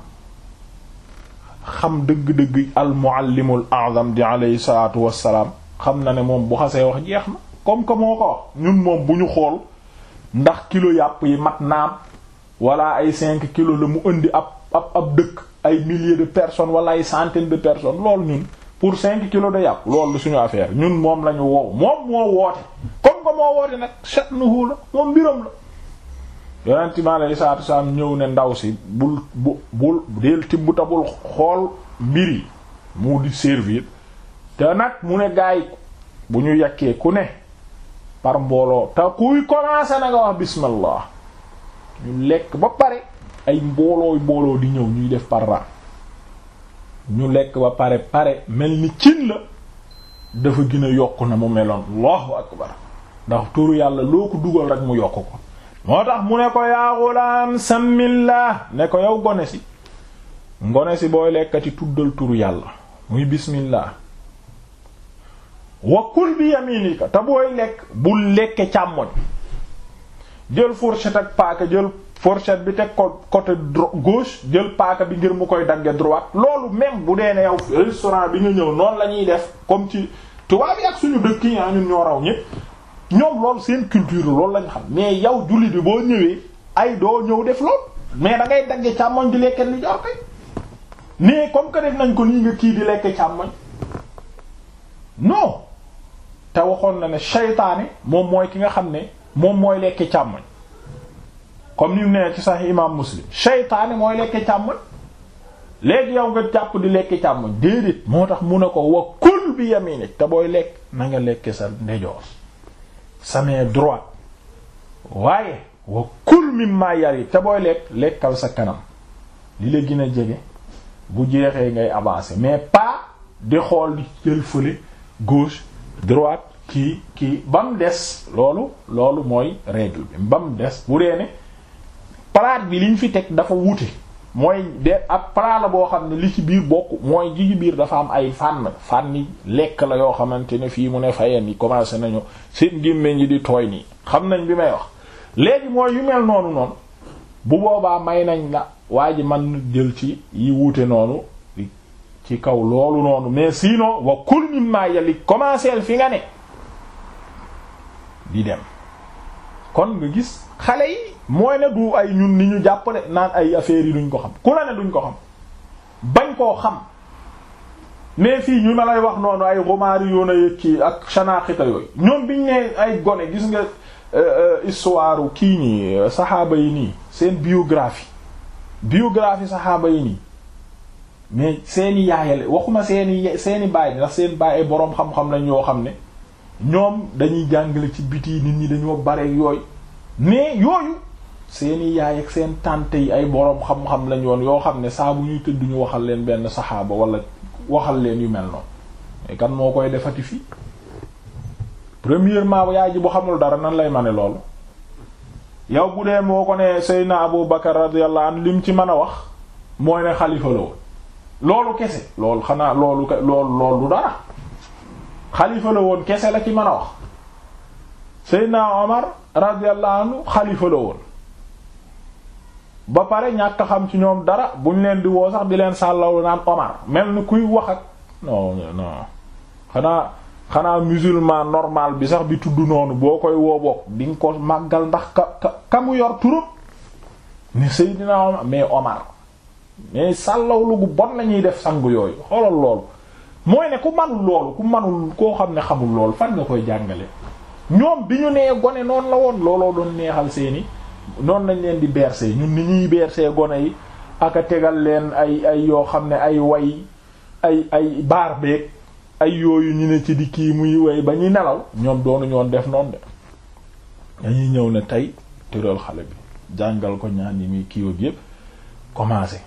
xam dëgg-dëgg al muallimul a'zam di alayhi salaatu wassalaam xam na ne moom bu xasee wax jeex na comme que moo ko wax moom bu ñu xool ndax kilo yàpp yi mat naam wala ay cinq kilo la mu indi ab ab ab dëkk ay milliers de personnes wala ay centaines de personnes loolu ñun pour cinq kilo de yàpp loolu suñu affaire ñun moom la ñu wow moom moo woote comme que moo woote nag sha'nuhu la moom mbiram la yonent mi alayhi salaatu salaam ñëw ne ndaw si bul bu bul deel tibb tabul xool mbir yi mu di servir te nag mu ne gaay bu ñu yàkkee ku ne par mbooloo te kuy commencer na nga wax bismillah ñu lekk ba pare ay mboolooy mbooloo di ñëw ñuy def par ñu lekk ba pare pare mel ni cin la dafa gën yokk na mu meloon allahu akbar ndax turu yàlla loo ko dugal rek mu yokk ko moo tax mu ne ko yaa ghulam samillah ne ko yow gone si ngone si booy lekkati tuddal turu yàlla muy bismillah wa kul bi yaminika te booy lekk bu lekke càmmoñ jël fourchette ak paaka jël fourchette bi teg ko côté gauche jël paaka bi ngir mu koy dagge droit loolu même bu dee ne yow restaurant bi nga ñëw noonu la ñuy def comme ci tubaab yi ak suñu dëkk yi ah, ñoo raw ñépp ñoom loolu seen culture loolu lañ xam mais yow jullit bi boo ñëwee ay doo ñëw def lool mais dangay ngay dagge càmmoñ di lekkee lu jox kay mais comme que def nañ ko nii nga kii di lekke càmmoñ non te waxoon na ne seytaane moom mooy ki nga xam ne moom mooy lekke càmmoñ comme ni mu nee ci sax imaam muslim seytaane mooy lekk càmmoñ léegi yow nga jàpp di lekk càmmoñ déedéet moo tax mu ne ko wa kul bi yaminik te booy lekk na nga lekk sa ndejoor sa main droite waaye wa kul yar yi te booy lekk lekkal sa kanam li la gën a jege bu jeexee ngay avancer mais pas di xool di jël fële gauche droite kii kii ba mu des loolu loolu mooy règle bi ba mu des bu dee ne palaat bi liñ fi teg dafa wuute mooy de ab palaat boo xam ne li ci biir bokk mooy ji biir dafa am ay fànn fànn lekk la yoo xamante ne fii mu ne fayen yi commencé nañu seen gémmiñ yi di tooy nii xam nañ bi may wax léegi mooy yu mel noonu noon bu boobaa may nañ la waa ji man jël ci yi wuute noonu ci kaw loolu noonu mais sinon wa kul mimma yali commencer fi nga ne di dem kon nga gis xale yi mooy ne du ay ñun ni ñu jàppale naan ay affaires yi duñ ko xam ku la ne duñ ko xam bañ koo xam mais fii ñu ma lay wax noonu ay romaari yoon a yëkki ak shanaaxita yooyu ñoom biñ ne ay gone gis nga euh, euh, histoire kii nii euh, saxaaba yi nii seen biographie biographie saxaaba yi nii mais seeni yaayale waxuma seeni seeni baay ndax seen baay ay boroom xam-xam lañ yoo xam ne ñoom dañuy jàngale ci biti nit ñi dañoo bare yooyu mais yooyu seeni yaay ak seen tante yi ay boroom xam-xam lañ woon yoo xam ne saa bu ñuy tëdd ñu waxal leen benn saxaaba wala waxal leen yu mel noonu kan moo koy defati fii premièrement yaay ji bu xamul dara nan lay mane loolu yow bu dee moo ko ne Seydina Abu Bakar radiyallahu anhu lim ci mën a wax mooy ne xalifa la woon loolu kese lool xanaa loolu loolu loolu dara xalifa la woon kese la ci mën a wax Seydina Omar radiyallahu anhu xalifa la woon ba pare ñàkk xam ci ñoom dara buñ leen di woo sax di leen sàllaw naan Omar mel ni kuy wax ak non xanaa xanaa musulman normal bi sax bi tudd noonu boo koy woo bokk di nga ko màggal ndax ka ka ka mu yor turam ne Seydina Omar mais Omar mais sàllawlu gu bon lañuy def sangu yooyu xoolal loolu mooy ne ku manul loolu ku manul koo xam ne xamul lool fan nga koy jàngale ñoom bi ñu nee gone noonu la woon looloo doon neexal seeni noonu lañ leen di berse ñun ni ñuy berse gone yi ak a tegal leen ay ay yoo xam ne ay way ay ay baar beeg ay yooyu ñu ne ci di kii muy way ba ñuy nelaw ñoom doonu ñoon def noonu de dañuy ñëw ne tey tëral xale bi jàngal ko ñaan yi muy kiiwag yépp commencé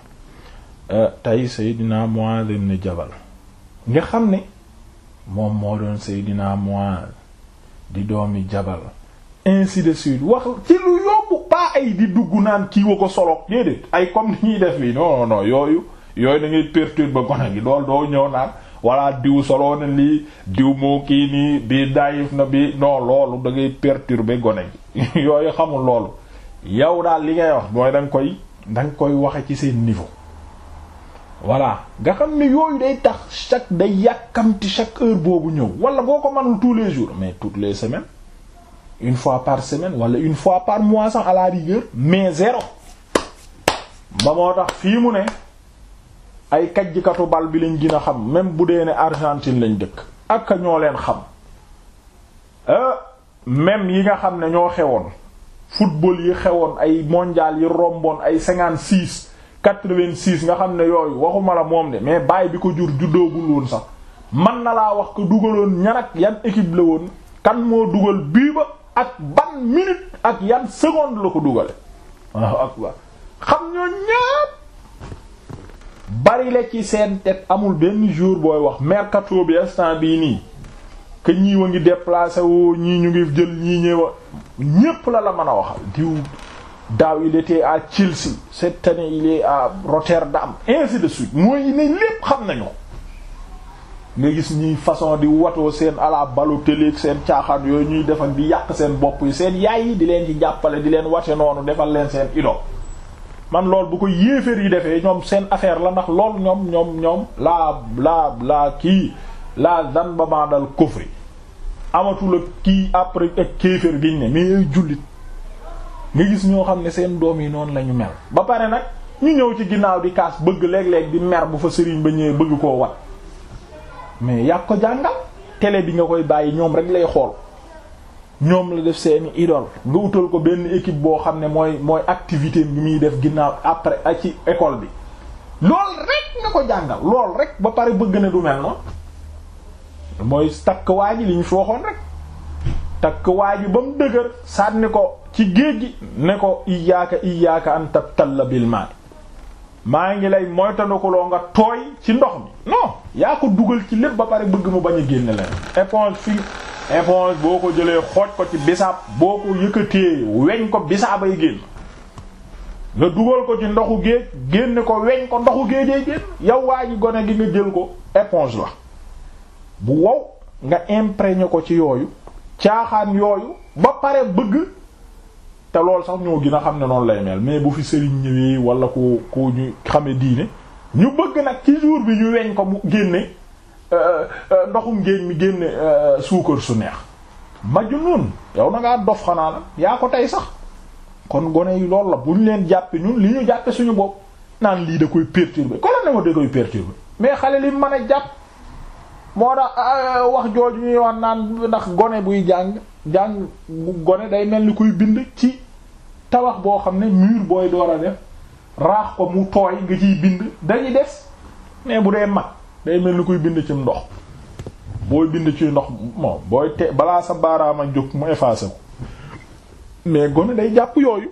euh, tey Seydina Muaz ibn Jabal nga xam ne moom moo doon Seydina Muaz di doomi Jabal ainsi de suite wax ci lu yóbbu pas ay di dugg naan kii ko solo déedéet ay comme ni ñuy def yi non non yooyu yooyu da ngay ba gone gi lool doo ñëw naan walla diw solo na lii diw moo kii nii bii dayif na bi non loolu da ngay perturber gone gi yooyu xamul loolu yow daal li ngay wax mooy da koy da koy waxe ci seen niveau voilà nga xam ne yooyu day tax chaque day yàkkamti chaque heure boobu ñëw wala boo ko mënul tous les jours mais toutes les semaines une fois par semaine wala une fois par mois sax à la mais zéro ba moo tax fii mu ne ay kajjkatu bal bi lañ gën xam même bu dee ne Argentine lañ dëkk ak ñoo leen xam ah même yi nga xam ne ñoo xewoon football yi xewoon ay mondial yi romboon ay cinquante six quatre-vingt-six nga xam ne yooyu waxuma la moom de mais baay bi ko jur juddoogul woon sax man na laa wax ko dugaloon ñan yan équipe la woon kan moo dugal bii ba ak ban minute ak yan seconde la ko dugale ak waa xam ñoo ñépp bari ci seen tête amul benn jour booy wax mercato bi instant bii nii que ñii ngi déplacé woo ñii ñu ngi jël ñii ñëwa ñépp la la mën a waxal diw daaw il était à Chelsea cette année il est à Rotterdam ainsi de suite mooy ne lépp xam nañu nga gis ñuy façon di watoo seen ala Balotelli ak seen caaxaan yooyu ñuy defal di yàq seen bopp yi seen yaay yi di leen ci jàppale di leen wate noonu defal leen seen idole man lool bu ko yéeféer yi defee ñoom seen affaire la ndax lool ñoom ñoom ñoom laa laa laa kii laa zan ba bandal kufri amatul ak kii après ak kéeféer giñ ne mais ay jullit nga gis ñoo xam ne seen doom yi noonu la ñu mel ba pare nag ñu ñëw ci ginnaaw di kaas bëgg léeg-léeg di mer bu fa sëriñ ba ñëwee bëgg koo wat mais yàgg ko jàngal télé bi nga koy bàyyi ñoom rek lay xool ñoom la def seeni idole nga wutal ko benn équipe boo xam ne mooy mooy activité bi muy def ginnaaw après ak ah, ci école bi lool rek nga ko jàngal lool rek ba pare bëgg ne du mel noonu mooy takk waa ji li ñu fooxoon rek takk waa ji ba mu dëgër sànni ko ci géej gi ne ko iyaaka iyaaka an tabtalla bil maa ngi lay moytandikuloo nga tooy ci ndox mi non yaa ko dugal ci lépp ba pare bëgg mu bañ a génne leen éponge fii éponge boo ko jëlee xooj ko ci bisaab boo ko yëkkatee weñ ko bisaabay génn nga dugal ko ci ndoxu géej génne ko weñ ko ndoxu géejee génn yow waa ji gone gi nga jël ko éponge la bu wow nga imprégné ko ci yooyu caaxaan yooyu ba pare bëgg te loolu sax ñoo gën a xam ne noonu lay mel mais bu fi sëriñ ñëwee wala ko ko ñu xame diine ñu bëgg nag ci jour bi ñu weñ ko bu génne euh, euh, ndoxum génn mi génne euh, suukar su neex majnun yow na ngaa dof xanaa la yaa ko tey sax kon gone yi loolu la bu ñu leen jàppe ñun li ñu jàppe suñu bopp naan lii da koy perturber kon la ne ma da koy perturber mais xale li mën a jàpp moo tax ah, ah, wax jooju ñuy wax naan ndax gone buy jàng jàng gone day mel ni kuy bind ci tabax boo xam ne mur booy door a def raax ko mu tooy nga ciy bind dañuy des mais bu dee mag day mel ni kuy bind ci ndox booy bind ci ndox moom booy te balaa sa baaraama jóg mu effacé ko mais gone day jàpp yooyu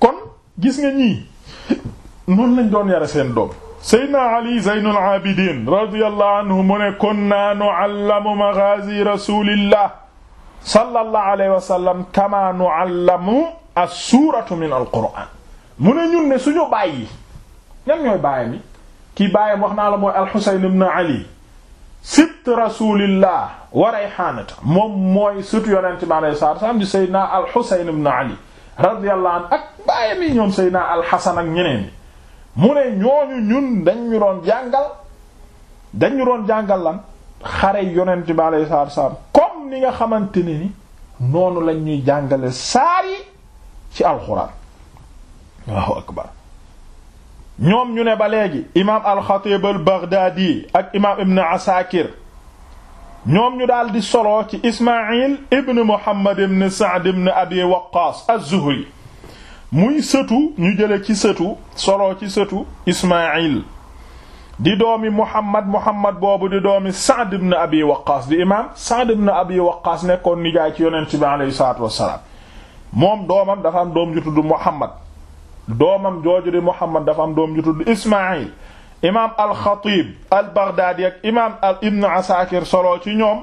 kon gis nga ñii noonu lañ doon yare seen doom Seydina Ali Zeynul Abidin radiyallahu anhu mu ne kunna nu'allamu maghazi rasulillah sallallahu alayhi wa sallam kama nu'allamu as-suratu min al-Qur'an mu ne ñun ne suñu baay yi ñan ñooy baayam yi kii baayam wax naa la mooy al-Husayn ibn Ali sibt rasulillah wa rayhanata moom mooy sut yonent bi alayhi salaatu wa salaam di Seydina al-Husayn ibn Ali radiyallahu anhu ak baayam yi ñoom Seydina al-Hasan ak ñeneen mu ne ñooñu ñun dañ ñu doon jàngal dañ doon jàngal lan xare yonent bi alayhi salaatu nga xamante ni noonu lañ ñuy jàngale saar yi ci alxuraan ñoom ñu ne ba léegi imaam al-Xatiib al ak imaam Ibn Asakir ñoom ñu daal di solo ci Ismaïl ibn Muhammad ibn Sa'd ibn Abi Waqqaas muy sëtu ñu jële ci sëtu solo ci sëtu Ismaïl di doomi Muhammad Muhammad boobu di doomi Sa'd ibn Abi Waqqas di imaam Sa'd ibn Abi Waqqas nekkoon nijaay ci yonent bi alayhi salaatu wassalaam moom doomam dafa doom ju tudd Muhammad doomam jooju di Muhammad dafa am doom ju tudd Ismaïl imaam al-Khatib al-Baghdadi imaam al Ibn Asakir solo ci ñoom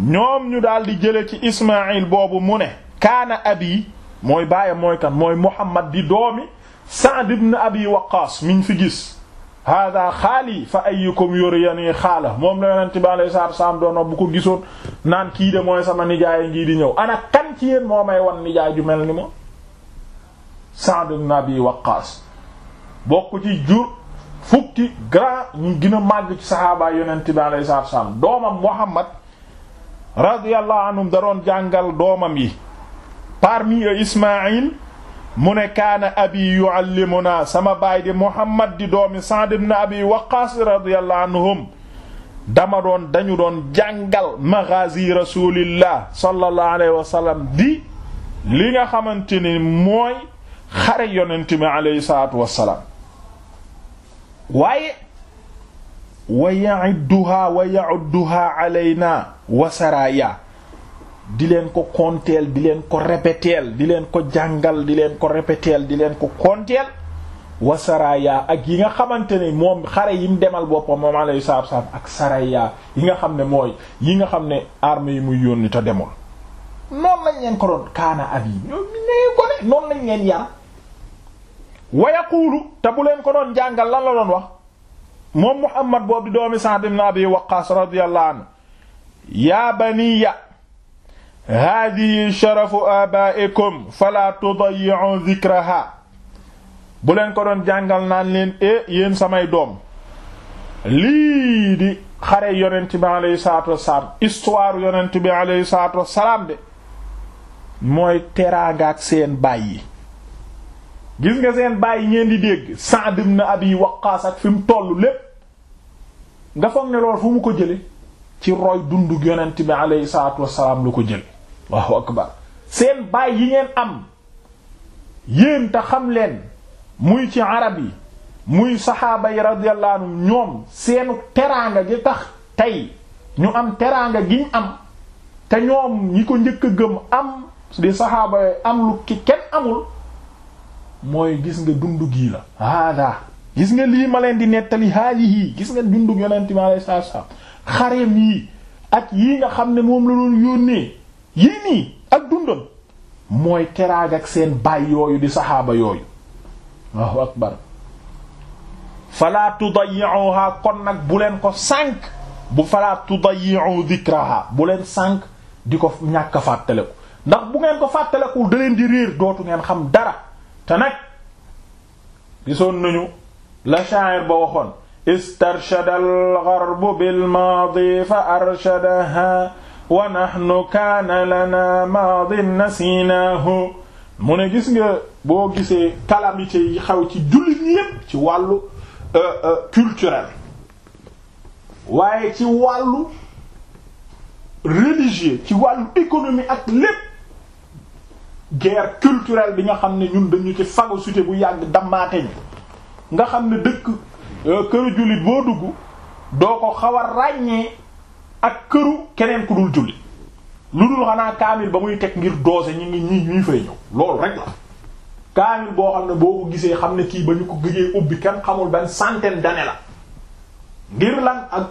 ñoom ñu daal di jële ci Ismaïl boobu mu ne kaana abi mooy baayam mooy kan mooy Muhammad di doomi Sa'd ibn Abi Waqqas miñ fi gis hada xaali fa ayyukum yuriyani xaala moom la yonente bi alayhi salaatu bu ko gisoon naan de mooy sama nijaay ngii di ñëw ana kan ci yéen moo wan nijaay ju mel ni moom Sa'd ibn Abi Waqqas bokk jur fukki grand ñu gën a màgg ci saxaaba yonente bi alayhi salaatu doomam Muhammad radiyallahu anhum da doon jàngal doomam yi parmi eux Ismaïl mu ne kaana abi yuallimuna sama baay di Muhammad di doomi Sa'd ibn Abi Waqqas radiyallahu anhum dama doon dañu doon jàngal maghazi rasulillah sallallahu alayhi wa di li nga xamante ni mooy xare yonent mi alayhi salaatu wassalaam waaye wa ya'idduha wa ya'udduha alayna wa saraya di leen ko konteel di leen ko répéteel di leen ko jàngal di leen ko répéteel di leen ko konteel wa saraya ak yi nga xamante ne moom xare yi mu demal boppam moom alayhi saraya yi nga xam ne mooy yi nga xam ne armée muy yónni te demul noonu lañ leen ko doon kaana ab yi ñoom ñu ne ko ne noonu lañ leen yar wayaquulu te bu leen ko doon jàngal la la doon wax moom Muhammad boobu di doomi Sa'd ibn Abi Waqqas radiyallahu anhu ya haadihi sharafu abaa'ikum fala tudayyi'u dhikraha bu leen ko doon jàngal naan leen e yéen samay doom lii di xare yonent bi aleyhi salaatu wassalaam histoire yonent bi aleyhi salaatu wassalaam de mooy teraangaak seen bàyyi gis nga seen bàyyi ngeen di dégg Sa'd ibn Abi Waqqaas ak fi mu toll lépp nga foog ne fu mu ko jële ci roy dundu yonent bi aleyhi salaatu wassalaam lu ko jële Allahu akbar seen baay yi ngeen am yéen te xam leen muy ci arab yi muy saxaaba yi radiyallahu anhum ñoom seenu teraanga gi tax tey ñu am teraanga giñ am te ñoom ñi ko njëkk a gëm am di saxaaba yooyu am lu kenn amul mooy gis nga dundu gii la hada gis nga lii ma leen di nettali haalihi gis nga dundu yonent mi alayhi salaatu wa salaam xareem yi ak yii nga xam ne moom la doon yónnee yii nii ak dundam mooy teraag ak seen baay yooyu di saxaaba yooyu waaw akbar fala tudayiuha kon nag bu leen ko sànq bu fala tudayiu dikraha bu leen sànq di ko ñàkk fàttaleku ndax bu ngeen ko fàttalekul da leen di réer dootu ngeen xam dara te nag gisoon nañu la sha'ir ba waxoon istarshada al gharb bil maadi fa arshadaha wa nahnu kaana lana maadin nasinaahu mu ne gis nga boo gisee calamité yi xaw ci jullit ñi yépp ci wàllu euh, euh, culturel waaye ci wàllu religieux ci wàllu économie ak lépp guerre culturelle bi nga xam ne ñun dañu ci phagocyté bu yàgg dammaate nga xam ne dëkk euh, kër jullit boo dugg doo ko xawa ràññee ak këru keneen ku dul julli lu dul xanaa kaamil ba muy teg ngir doose ñu ngi ñi ñuy fay ñëw loolu rek la kaamil boo xam ne boo ko gisee xam ne kii ba ñu ko gëjee ubbi kenn xamul benn centaine d'années la ngir lan ak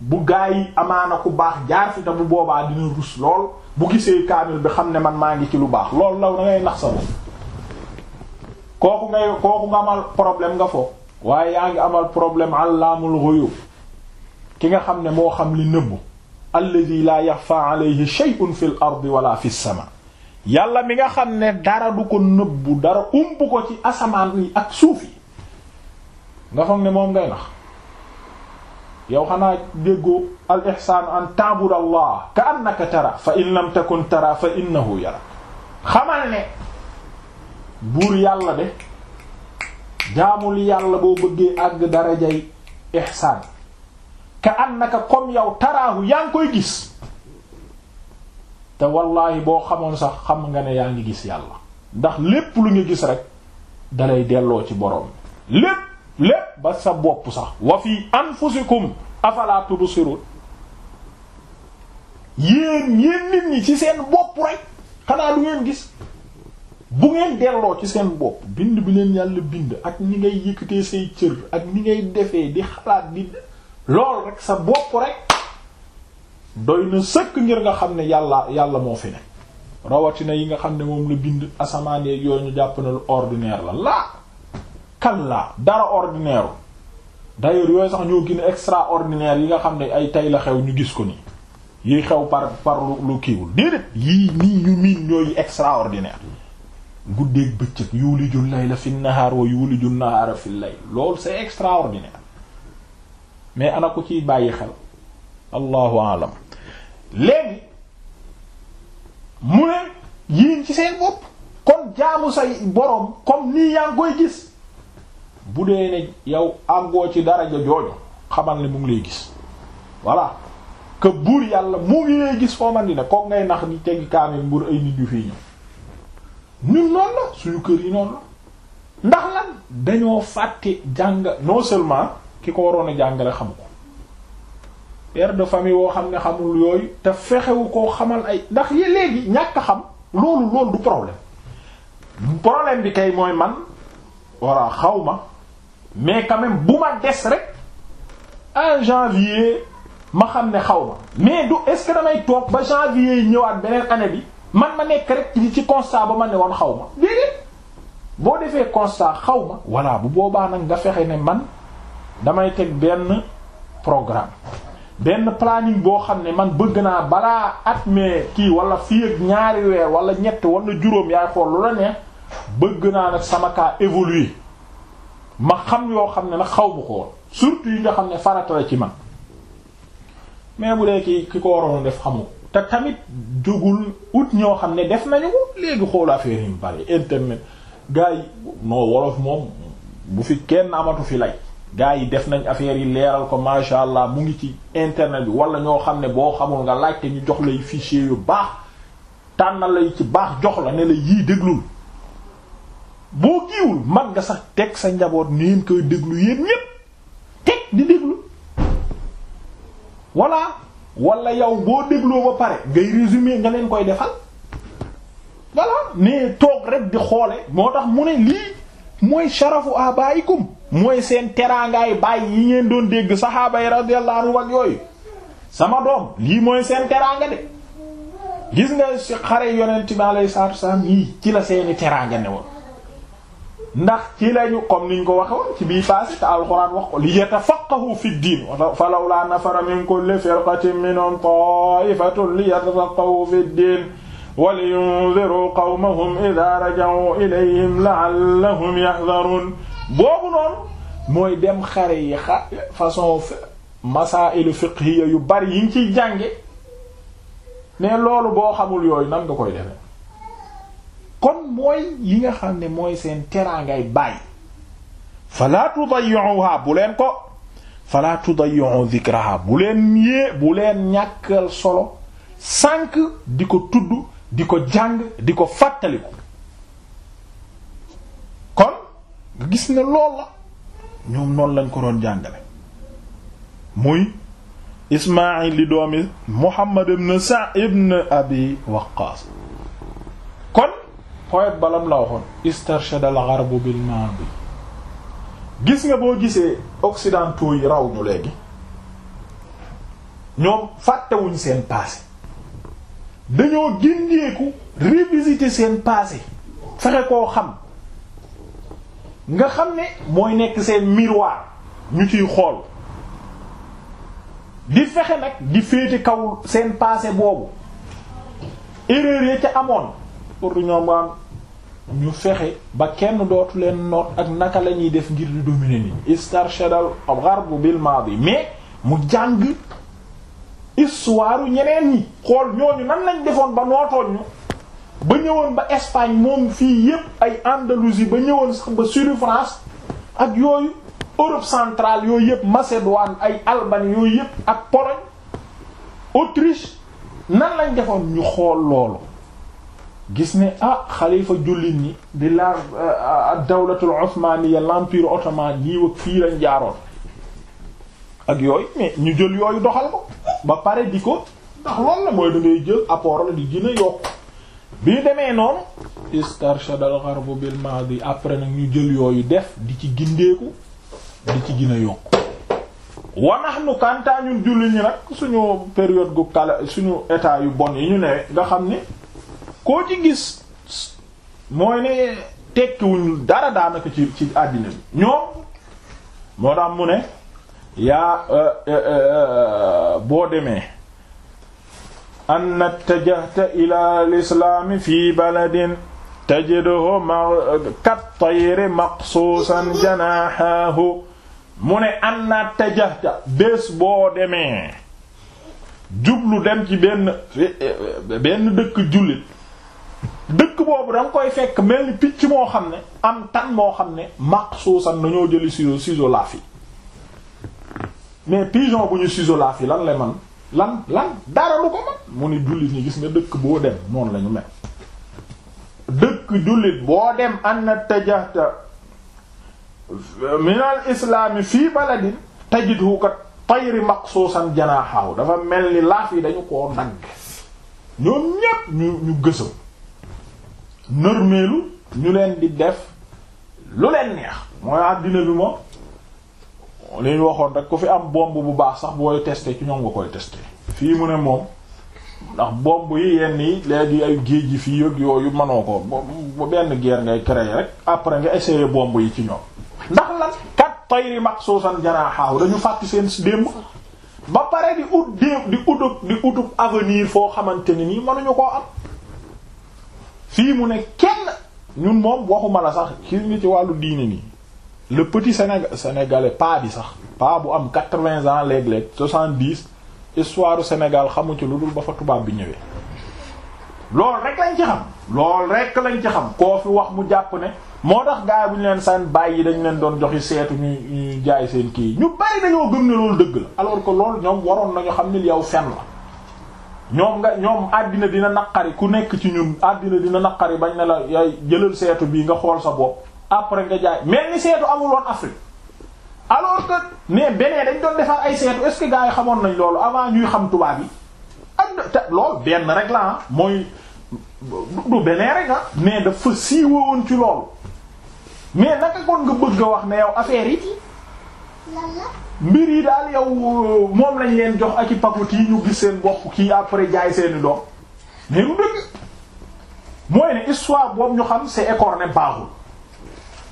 bu gaa yi amaana ku baax jaar fi bu boobaa dina rus lool bu gisee kaamil bi xam ne man maa ngi ci lu baax lool law da nax sa bopp kooku ngay kooku nga amal problème nga foofu waaye yaa ngi amal problème allaamul ghuyub ki nga xam ne moo xam li nëbbu alladi laa yaxfa sama yàlla mi nga xam ne dara du ko nëbbu dara umb ko ci asamaan yi ak suuf nga foog ne moom ngay nax yow xanaa déggoo al ihsaan an ta'budu allah ka tara fa lam takun tara fa yara xamal ne buur yàlla de jaamul yàlla boo bëggee àgg darajay ihsaan ka naka comme yow taraahu yaa ngi koy gis te wallaahi boo xamoon sax xam nga ne yaa ngi gis yàlla ndax lépp lu nga gis rek dalay delloo ci borom lépp lépp ba sa bopp sax wa fi anfusikum afala tubsirun yéen yéen nit ñi ci seen bopp rek xanaa du ngeen gis bu ngeen delloo ci seen bopp bind bi leen yàlla bind ak ni ngay yëkkatee say cër ak ni ngay defee di xalaat di lool rek sa bopp rekk doy na sëkk ngir nga xam ne yàlla yàlla moo fi ne rawatina yi nga xam ne moom la bind asamaan yooyu ñu jàpp na lu ordinaire la laa kan laa dara ordinaire d'ailleurs yooyu sax ñoo gën a extraordinaire yi nga xam ne ay tay la xew ñu gis ko nii yiy xew par par lu kiiwul déedéet yii nii ñu miin ñooyu extraordinaire guddeeg bëccëg yuuliju layla fi nahaar wa yuuliju nahaara fi layl loolu c'est extraordinaire mais ana ko ci bàyyi xel allahu alam léegi mu ne yéen ci seen bopp kon jaamu say boroom comme nii yaa ngi koy gis bu dee ne yow àggoo ci daraja jooju xamal ne mu ngi lay gis voilà que buur yàlla mu ngi lay gis foo ne kook ngay nax di teggi kaamil mbur ay nit yu fii ñëw ñun noonu la suñu kër yi noonu la ndax lan dañoo fàtte jàng non seulement ki ko waroon a jàngale xam ko père de famille woo xam ne xamul yooyu te fexewu koo xamal ay ndax yi léegi ñàkk xam loolu loolu du problème problème bi kay mooy man walla xaw ma mais quand bu ma des rek en janvier ma xam ne xaw ma mais du est-ce que damay toog ba janvier yi ñëwaat beneen année bi man ma nekk rek ci constat ba ma ne woon xaw ma déedéet boo defee constat xaw ma voilà bu boobaa nag nga fexe ne man damay teg benn programme benn planning boo xam ne man bëgg naa balaa at mee kii wala fii ak ñaari weer wala ñett wala juróom yaay xool lu la ne bëgg naa nag sama kaa évoluer ma xam yoo xam ne nag xaw ma ko woon surtout yi nga xam ne farata la ci man mais bu dee ki ko waroon def xamu te tamit jógul ut ñoo xam ne def nañu ko léegi xoolu affaire yi mu bari internet gars yi wolof moom bu fi kenn amatu fi lay gaa yi def nañ affaire yi leeral ko masha allah mu ngi ci internet bi wala ñoo xam ne boo xamul nga laajte ñu jox lay fichier yu baax tànnal lay ci baax jox la ne la yii déglul boo kiiwul man nga sax teg sa njaboot neen koy déglu yéen ñépp teg di déglu voilà wala yow boo dégloo ba pare ngay résumer nga leen koy defal voilà mais toog rek di xoole moo tax mu ne lii mooy sharafu abaikum mooy seen teraangaay baay yi ngeen doon dégg saxaaba yi radiyallahu anhu yooyu sama doom lii mooy seen teraanga de gis nga si xare yonent bi alayhi salaatu wasallam yii ci la seeni teraanga ne woon ndax ci lañu comme niñ ko waxe woon ci bii passé te alxuraan wax ko li yatafaqqahu fi diin fa lawlaa nafara min kulli firqatin minhum taa'ifatun li yatafaqqahu fi diin wa liyundiru qawmahum idaa raja'u ilayhim la'allahum yahdharun boobu noonu mooy dem xare yi xa façon masaa'ilu fiqhiyya yu bari yi ñu ciy jànge mais loolu boo xamul yooyu nan nga koy defee kon mooy yi nga xam ne mooy seen teraangay bàyyi fala tudayyi'uha bu leen ko fala tudayyi'u dhikraha bu leen yée bu leen ñàkkal solo sànq di ko tudd di ko jàng di ko fàttaliku kon nga gis ne lool la ñoom noonu lañ ko doon jàngale muy Ismaïl di doomi Muhammad ibn Sa'd ibn Abi Waqqas kon poète balam la waxoon istarshada al-gharb bil maadi gis nga boo gisee occidentaux yi raw ñu léegi ñoom fàttewuñ seen passé dañoo gindeeku revisiter seen paase fexe koo xam nga xam ne mooy nekk seen miroir ñu ciy xool di fexe nag di féete kaw seen passé boobu erreur ya ca amoon pour ñoom am ñu fexe ba kenn dootu leen noot ak naka lañuy def ngir di dominer ni istarshadal gharb bil maadi mais mu jàng histoire ñeneen yi xool ñooñu nan lañ defoon ba nootoon ñu ba ñëwoon ba Espagne moom fii yépp ay Andalousie ba ñëwoon sax ba sud ak yooyu Europe centrale yooyu yépp Macédoine ay Albanie yooyu yépp ak Pologne Autriche nan lañ defoon ñu xool loolu gis ne ah xalifa jullit ñi di la euh, euh, dawlatul Usmaniya l'empire ottoman yi fii lañ jaaroon ak yooyu mais ñu jël yooyu doxal ko ba pare di ko ndax loolu la mooy da jël apport la di gën yokk bi ñu demee noonu istarshad al gharb bil maadi après nag ñu jël yooyu def di ci gindeeku di ci gën yokk wanax nu kantaa ñun julli ñi nag suñu période gu kala suñu état yu bon yi ñu ne nga xam ne koo ci gis mooy ne tekkiwuñ dara daanaka ci ci àddina bi ñoom moo tax mu ne yaa euh, euh, euh, boo demee anna tajahta ila lislaami fi baladin tajiduhu kat tayri maqsuusan janaaxaahu mu ne anna tajahta bés boo demee jublu dem ci benn benn dëkk jullit dëkk boobu danga koy fekk mel ni picc moo xam ne am tan moo xam ne maqsuusan dañoo jëli ciseaux ciseaux laaf mais pigeon bu ñu sisolaaf yi lan la man lan lan dara lu ko man mu ni jullit ñi gis nga dëkk boo dem moom la ñu mel dëkk jullit boo dem anna tajahta min al islaami fii baladin tajidhu ka tayri maqsuusan janaahahu dafa mel ni laaf yi dañu koo dagg ñoom ñépp ñu ñu gësam nërmeelu ñu leen di def lu leen neex mooy àddina bi moom li ñu waxoon rek ku fi am bomb bu baax sax booy testé ci ñoom nga koy testé fii mu ne moom ndax bomb yi yenn yi léegi ay géej yi fii yëg yooyu mënoo ko bu benn guerre ngay créer rek après nga essayer bomb yi ci ñoom ndax lan kat tayri maxsuusan janaaxaaw dañu fàtt seen démb ba pare di ut démb di utub di utub avenir foo xamante ni nii mënuñu koo am fii mu ne kenn ñun moom waxuma la sax ki ngi ci wàllu diini nii le petit Sénégal sénégalais paa bi sax paa bu am quatre-vingts ans léeg-léeg soixante-dix histoire Sénégal xamu ci lu dul ba fa tubaab bi ñëwee loolu rek lañ ci xam loolu rek lañ ci xam koo fi wax mu jàpp ne moo tax gaay bu ñu leen seen bàyyi dañ leen doon joxi seetu ñu ñuy jaay seen kii ñu bari dañoo gëm ne loolu dëgg la alors que loolu ñoom waroon nañu xam ni yow fen la ñoom nga ñoom àddina dina naqari ku nekk ci ñun àddina dina naqari bañ ne la yaay jëlal seetu bii nga xool sa bopp après nga jaay mel ni seetu amul Afrique alors que mais benee dañ doon defar ay seetu est-ce yi xamoon nañ loolu avant ñuy xam tubaab yi ak te loolu benn rek la ah, mooy du benee rek ah mais dafa woon ci loolu mais naka koon nga bëgg a wax ne yow affaire yi mbir yi daal yow moom lañ leen jox ak i pakut yi ñu gis seen bopp kii après jaay seeni doom mais mu dëgg mooy ne histoire boobu ñu xam c'est écorné baaxul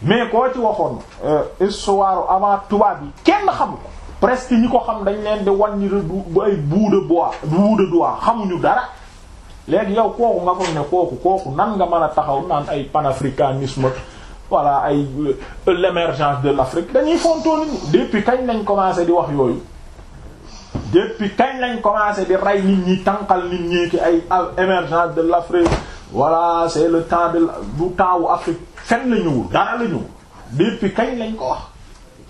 mais koo ci waxoon euh, histoire avant tubaab bi kenn xamu ko presque ñi ko xam dañ leen di wan wàññi bu ay bout de bois bout de xamuñu dara léegi yow kooku nga ko ne kooku kooku nan nga mën a taxaw naan ay panafricanisme voilà ay euh, l'émergence de l'Afrique dañuy fontoon dépuis kañ lañ commencé di wax yooyu depuis kañ lañ commencé di rey nit ñi tànqal nit ñi ki ay euh, émergence de l'Afrique voilà c'est le temps de du temps wu Afrique fenn la ñëwul dara la ñëwul depuis kañ lañ ko wax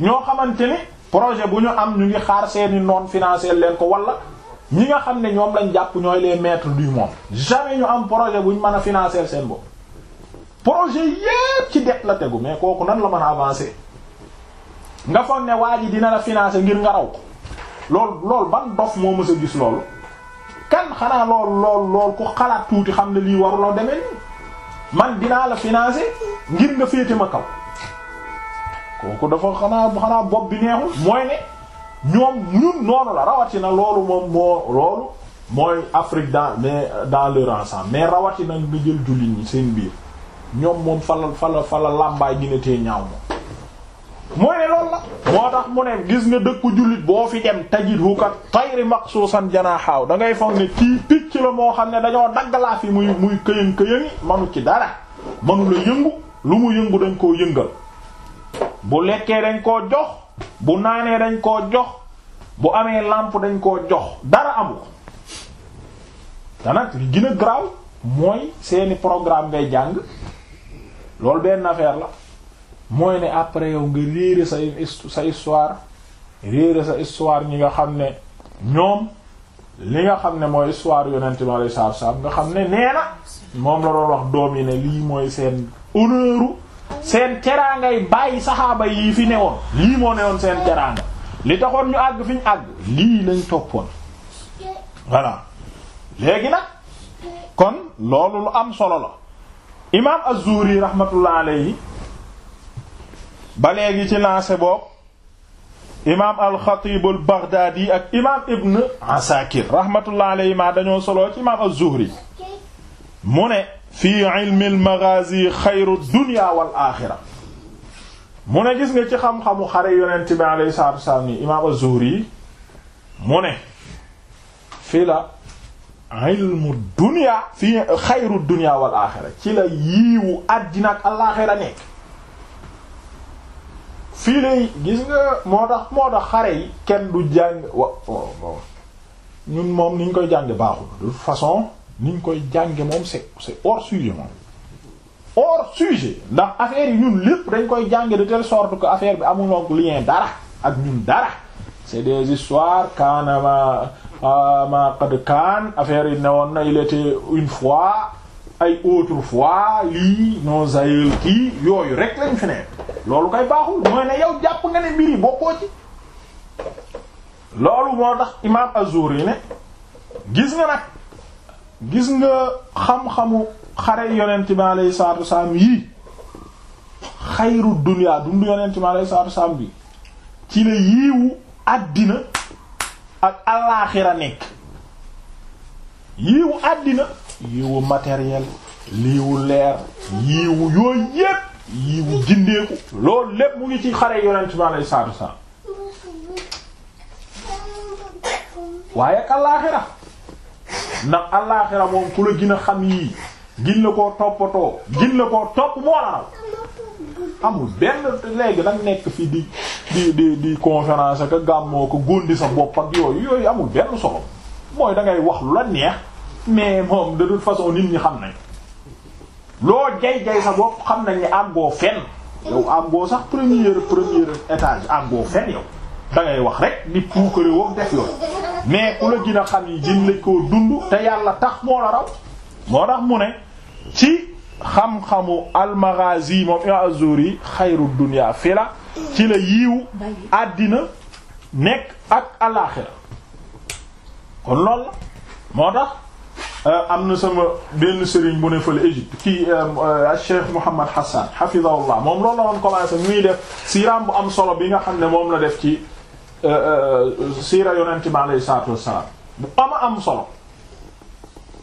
ñoo xamante ni projet bu ñu am ñu ngi xaar seeni non financé leen ko wala ñi nga xam ne ñoom lañ jàpp ñooy les maîtres du moom jamais ñu am projet bu ñu mën a financer seen bopp projet yépp ci dette la tegu mais kooku nan la mën a avancer nga foog ne waa ji dina la financer ngir nga raw ko loolu loolu ban dof moo mës a gis loolu kan xanaa lool lool lool ku xalaat tuuti xam ne lii waruloo demee nii man dinaa la financer ngir nga féete ma kaw kooku dafa xanaa xanaa bopp bi neexul mooy ne ñoom ñun noonu la rawatina loolu moom moo loolu mooy Afrique dans mais dans leur ensemble mais rawatina nga jël jullit ñi seen biir ñoom moom fala fala fala làmbaay gi ne ñaaw moom mooy ne loolu la moo tax mu ne gis nga dëkku jullit boo fi dem tajidhu ka tayri maqsuusan janaahaw da ngay foog ne kii picc la moo xam ne dañoo daggalaa fi muy muy këyën këyëni manu ci dara manu yëngu lu mu yëngu dañ koo yëngal bu lekkee dañ koo jox bu naanee dañ koo jox bu amee làmp dañ koo jox dara amu ko te nag li gën a mooy seeni programme ngay jàng loolu benn affaire la mooy ne après yow nga réere sa sa histoire réere sa histoire ñi nga xam ne ñoom li nga xam ne mooy histoire yonente bi alei salatu nga xam ne nee na moom la doon wax doom yi ne lii mooy seen honneur seen teraangay bàyyi saxaaba yi fi newoon lii moo newoon seen teraanga li taxoon ñu àgg fi ñu àgg lii lañ toppoon voilà léegi na kon loolu lu am solo la imaam az-Zuhri rahmatullah yi ba léegi ci lancé boobu imaam al-Xatiib ak imaam Ibn Asakir rahmatullah alayhi ma dañoo solo ci imaam az mu ne fii ilmi al-maghaazi xayru dunya mu ne gis nga ci xam-xamu xare yonent bi alayhi ni imaam az mu ne fii la ilmu dunya fii xayru dunya wal ci la yiiwu àddina ak al fii lay gis nga moo tax moo tax xare yi kenn du jàng ñun moom ni koy jànge baaxul de toute façon niñ koy jànge moom c'est c'est hors sujet moom hors sujet ndax affaire yi ñun lépp dañ koy jànge de telle sorte que affaire bi amul ak lien dara ak ñun dara c'est des histoires kaanama ah, ma qad kaan affaire yi newoon na il était une fois ay autrefois lii nos aïeux kii yooyu rek lañ fi ne loolu kay baaxul mooy ne yow jàpp nga ne mbir bokkoo ci loolu moo tax imaam Az-Zuhri ne gis nga nag gis nga xam-xamu xare yonent bi alayhi salaatu wasalaam yii xayru dunya dundu yonent bi alayhi salaatu wasalaam bi ci la yiiwu àddina ak alaaxira nekk yiiwu àddina yiwu matériel liiwu leer yiwu yooyu yépp yiwu gindeeku loolu lépp mu ngi ci xare yonent bi alayhi salaatu wasallam waaye ak allaaxira ndax allaaxira moom ku la gën a xam yii gin la koo toppatoo gin la koo topp moo la amul benn léegi nag nekk fi di di di conference conférence ak gàmmoo ko góndi sa bopp ak yooyu yooyu amul benn solo mooy da wax la neex mais moom de toute façon nit ñi xam nañ loo jay jay sa bopp xam nañ ne àggoo fenn yow àggoo sax première première étage àggoo fenn yow da wax rek di puukare woog def yooyu mais ku la gën a xam yi gën la dund te yàlla tax moo la raw moo tax mu ne ci xam-xamu almaghazi moom imam az xayru dunya fi la ci la yiiw àddina nekk ak alaaxira kon loolu la moo tax Euh, am na sama benn sëriñ bu ne fële Égypte kii euh, euh, Cheikh Mouhamad Hassan hafizahullah moom loolu la woon commencé muy def siiraam bu am solo bi nga xam ne moom la def ci siira yonent bi alayhi salaatu wassalaam bu am solo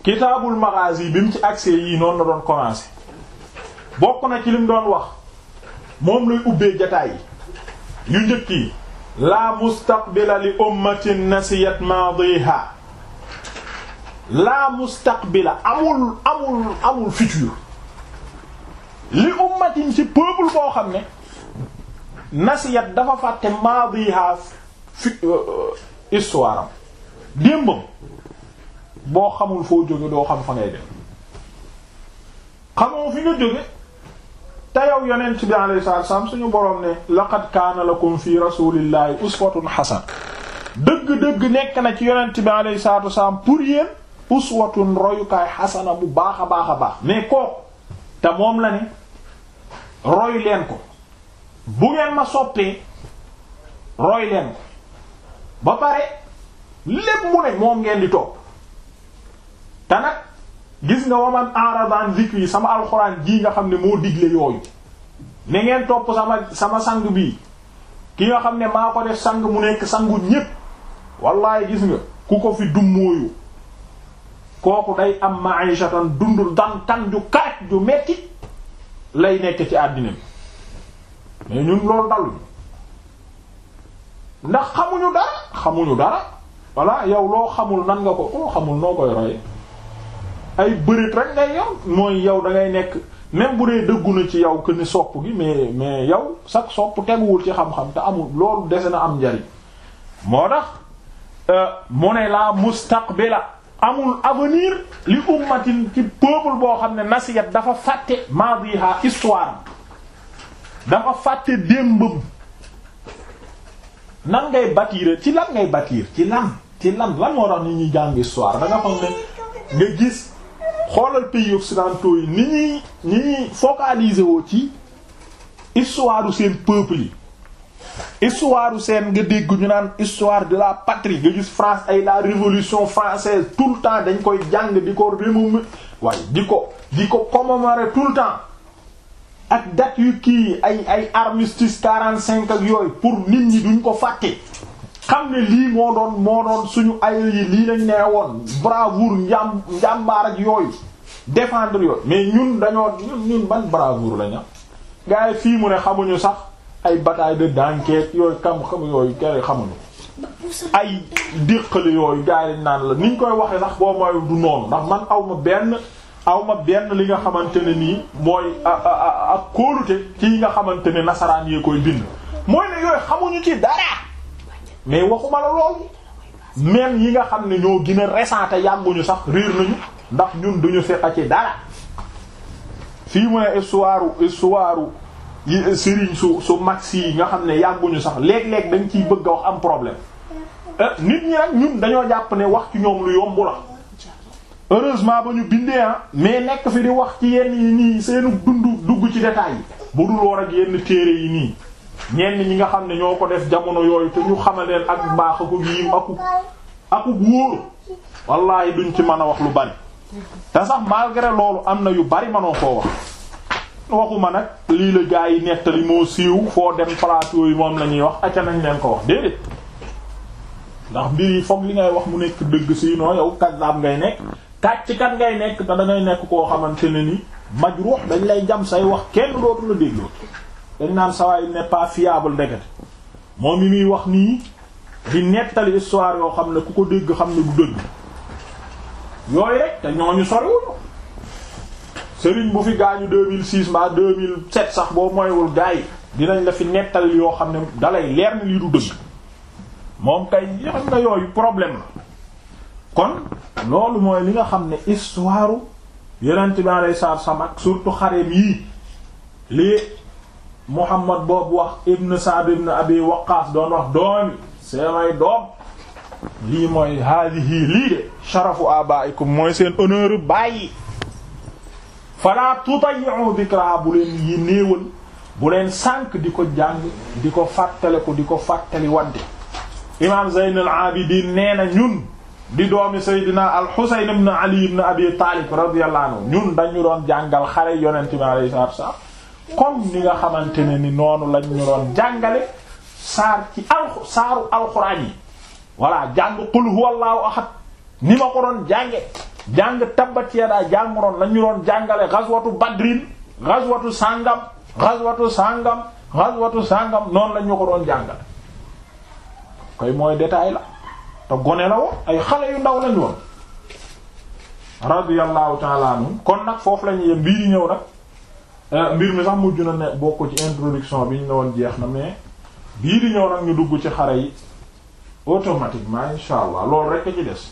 kitaabul maghazi bi mu ci accès yii noonu la doon commencé bokk na ci li doon wax moom lay ubbee jataay yi yu njëkk yi la mustaqbila li ummatin nasiyat maadiha la mustaqbila amul amul amul futur li ummatin ci peuple boo xam ne nasiyat dafa fàtte maadiha fi euh, histoire am boo xamul foo jóge doo xam fa ngay dem xamoo fi nga jóge te yow yonent bi alayhi salaatu wasallam suñu boroom ne laqad kaana lakum fi rasulillahi uswatun hasana dëgg-dëgg nekk na ci yonent bi alayhi salaatu wasallam pour uswatun royukaay xasana bu baax a baax a baax mais koo te moom la ne roy leen ko bu ngeen ma soppee roy leen ko ba pare lépp mu ne moom ngeen di topp te nag gis nga waman aradan zikri yi sama alxuraan jii nga xam ne moo digle yooyu ne ngeen topp sama sama sang bii ki nga xam ne maa ko def sang mu nekk sangu ñépp wallaay gis nga ku ko fi dummóoyu kooku day am ma'ishatan dund dan tan ju kaaj ju metti lay nekk ci àddina bi mais ñun loolu daluñ ndax xamuñu dara xamuñu dara voilà yow loo xamul nan nga ko koo oh, xamul noo koy roye ay bërit rek ngay yow mooy yow da ngay nekk même bu dee dëggu ci yow que ni sopp gi mais mais yow sax sopp teguwul ci xam-xam te amul loolu dese na am njariñ moo tax euh, mu ne la mustaqbila amul avenir li ummatin ci peuple boo xam ne nasiyat dafa fàtte madiha histoire dafa fàtte démbam nan ngay bâtir ci lan ngay bâtir ci lan ci lan lan moo tax ni ñuy jàng histoire da nga xam nga gis xoolal pays occidentaux yi ni ñuy ni ñuy focaliser woo ci histoire seen peuples yi histoire seen nga dégg ñu naan histoire de la patrie nga gis France ay la révolution française tout le temps dañ koy jàng di ko remume waaye di ko di ko commémorer tout le temps ak date yu kii ay ay armistice 45 ak yooyu pour nit ñi duñ ko fàtte xam ne lii moo doon moo doon suñu ay yi lii lañ nee woon bravoure njàm njàmbaar ak yooyu défendre yooyu mais ñun dañoo ñun ñun ban bravoure lañu yi fii mu ne xamuñu sax ay bataille de dankeek yooyu kam xam yooyu kere xamuñu ay déqale yooyu gars yi naan la niñ koy waxe sax boo mooy du noonu ndax man aw ma benn aw ma benn li nga xamante ne nii mooy ak kóolute kii nga xamante ne nasaraan yee koy bind mooy ne yooyu xamuñu ci dara mais waxuma la loolu même yi nga xam ne ñoo gën a récente yàgguñu sax riir nañu ndax ñun duñu seet a ci dara fii mooy histoire histoire Euh, sëriñ su su max yi nga xam ne yàgguñu sax léeg-léeg dañ ciy bëgg a wax am problème euh, nit ñi nag ñun dañoo jàpp ne wax ci ñoom lu yomb la heureusement ba ñu bindee ah mais nekk fi di wax ci yenn yi nii seenu dund dugg ci détails yi bu dul war ak yenn téere yi nii ñenn ñi nga xam ne ñoo ko def jamono yooyu te ñu xamaleen ak mbaax aku yiim aku aku wóor wallaahi duñ ci mën a wax lu bari te sax malgré loolu am na yu bari mënoo koo wax waxuma nag lii la gaa yi nettali moo siiw foo dem plateau yi moom la ñuy wax acca nañ leen ko wax déedéet ndax mbir yi foog li ngay wax mu nekk dëgg si non yow kàddaab ngay nekk kàcc kat ngay nekk te da ngay nekk koo xamante ne ni majruux dañ lay jam say wax kenn dootu la dégloo dañ naan sawaay n'est pas moom mi muy wax nii di nettali histoire yoo xam ne ku ko dégg xam ne du dëgg yooyu rek te ñooñu soriwul sëriñ bu fi gaañu 2006 mbaa 2007 sax boo moywul gaa yi dinañ la fi nettal yoo xam ne dalay leer ni lii du dëgg moom kay xam nga yooyu problème la kon loolu mooy li nga xam ne histoire yonent bi alayhi salaatu salaam ak surtout xareem yii lii Muhammad boobu wax ibn Sa'd ibn Abi Waqqas doon wax doomi seemay doom lii mooy haadihi lii de sharafu abaikum mooy seen honneur bàyyi fala tutayu dikra bu leen yi néewal bu leen sànq di ko jàng di ko fàttale ko di ko fàttali wadde imam Zaynul Abidin nee na ñun di doomi Seydina al-Husayn ibn Ali ibn Abi Talib radiyallahu anhu ñun dañu doon jàngal xare yonent bi alayhi salaam comme ni nga xamante ne ni noonu lañ doon jàngale saar ci al saaru alxuraan yi voilà jàng qul huwallahu ahad ni ma ko doon jànge jàng tabbat yadaa jànguroon la ñu doon jàngale ghazwatu badrin ghazwatu sàngam ghazwatu sàngam ghazwatu sàngam noonu lañu ko doon jàngale koy mooy détail la te gone la woon ay xale yu ndaw lañu woon radiyallahu ta'ala anhu kon nag foofu lañu yem bii di ñëw nag eh, mbir mi sax mujj na ne bokk ci introduction bi ñu ne woon jeex na mais bii di ñëw nag ñu dugg ci xare yi automatiquement insha allah loolu rekk ci des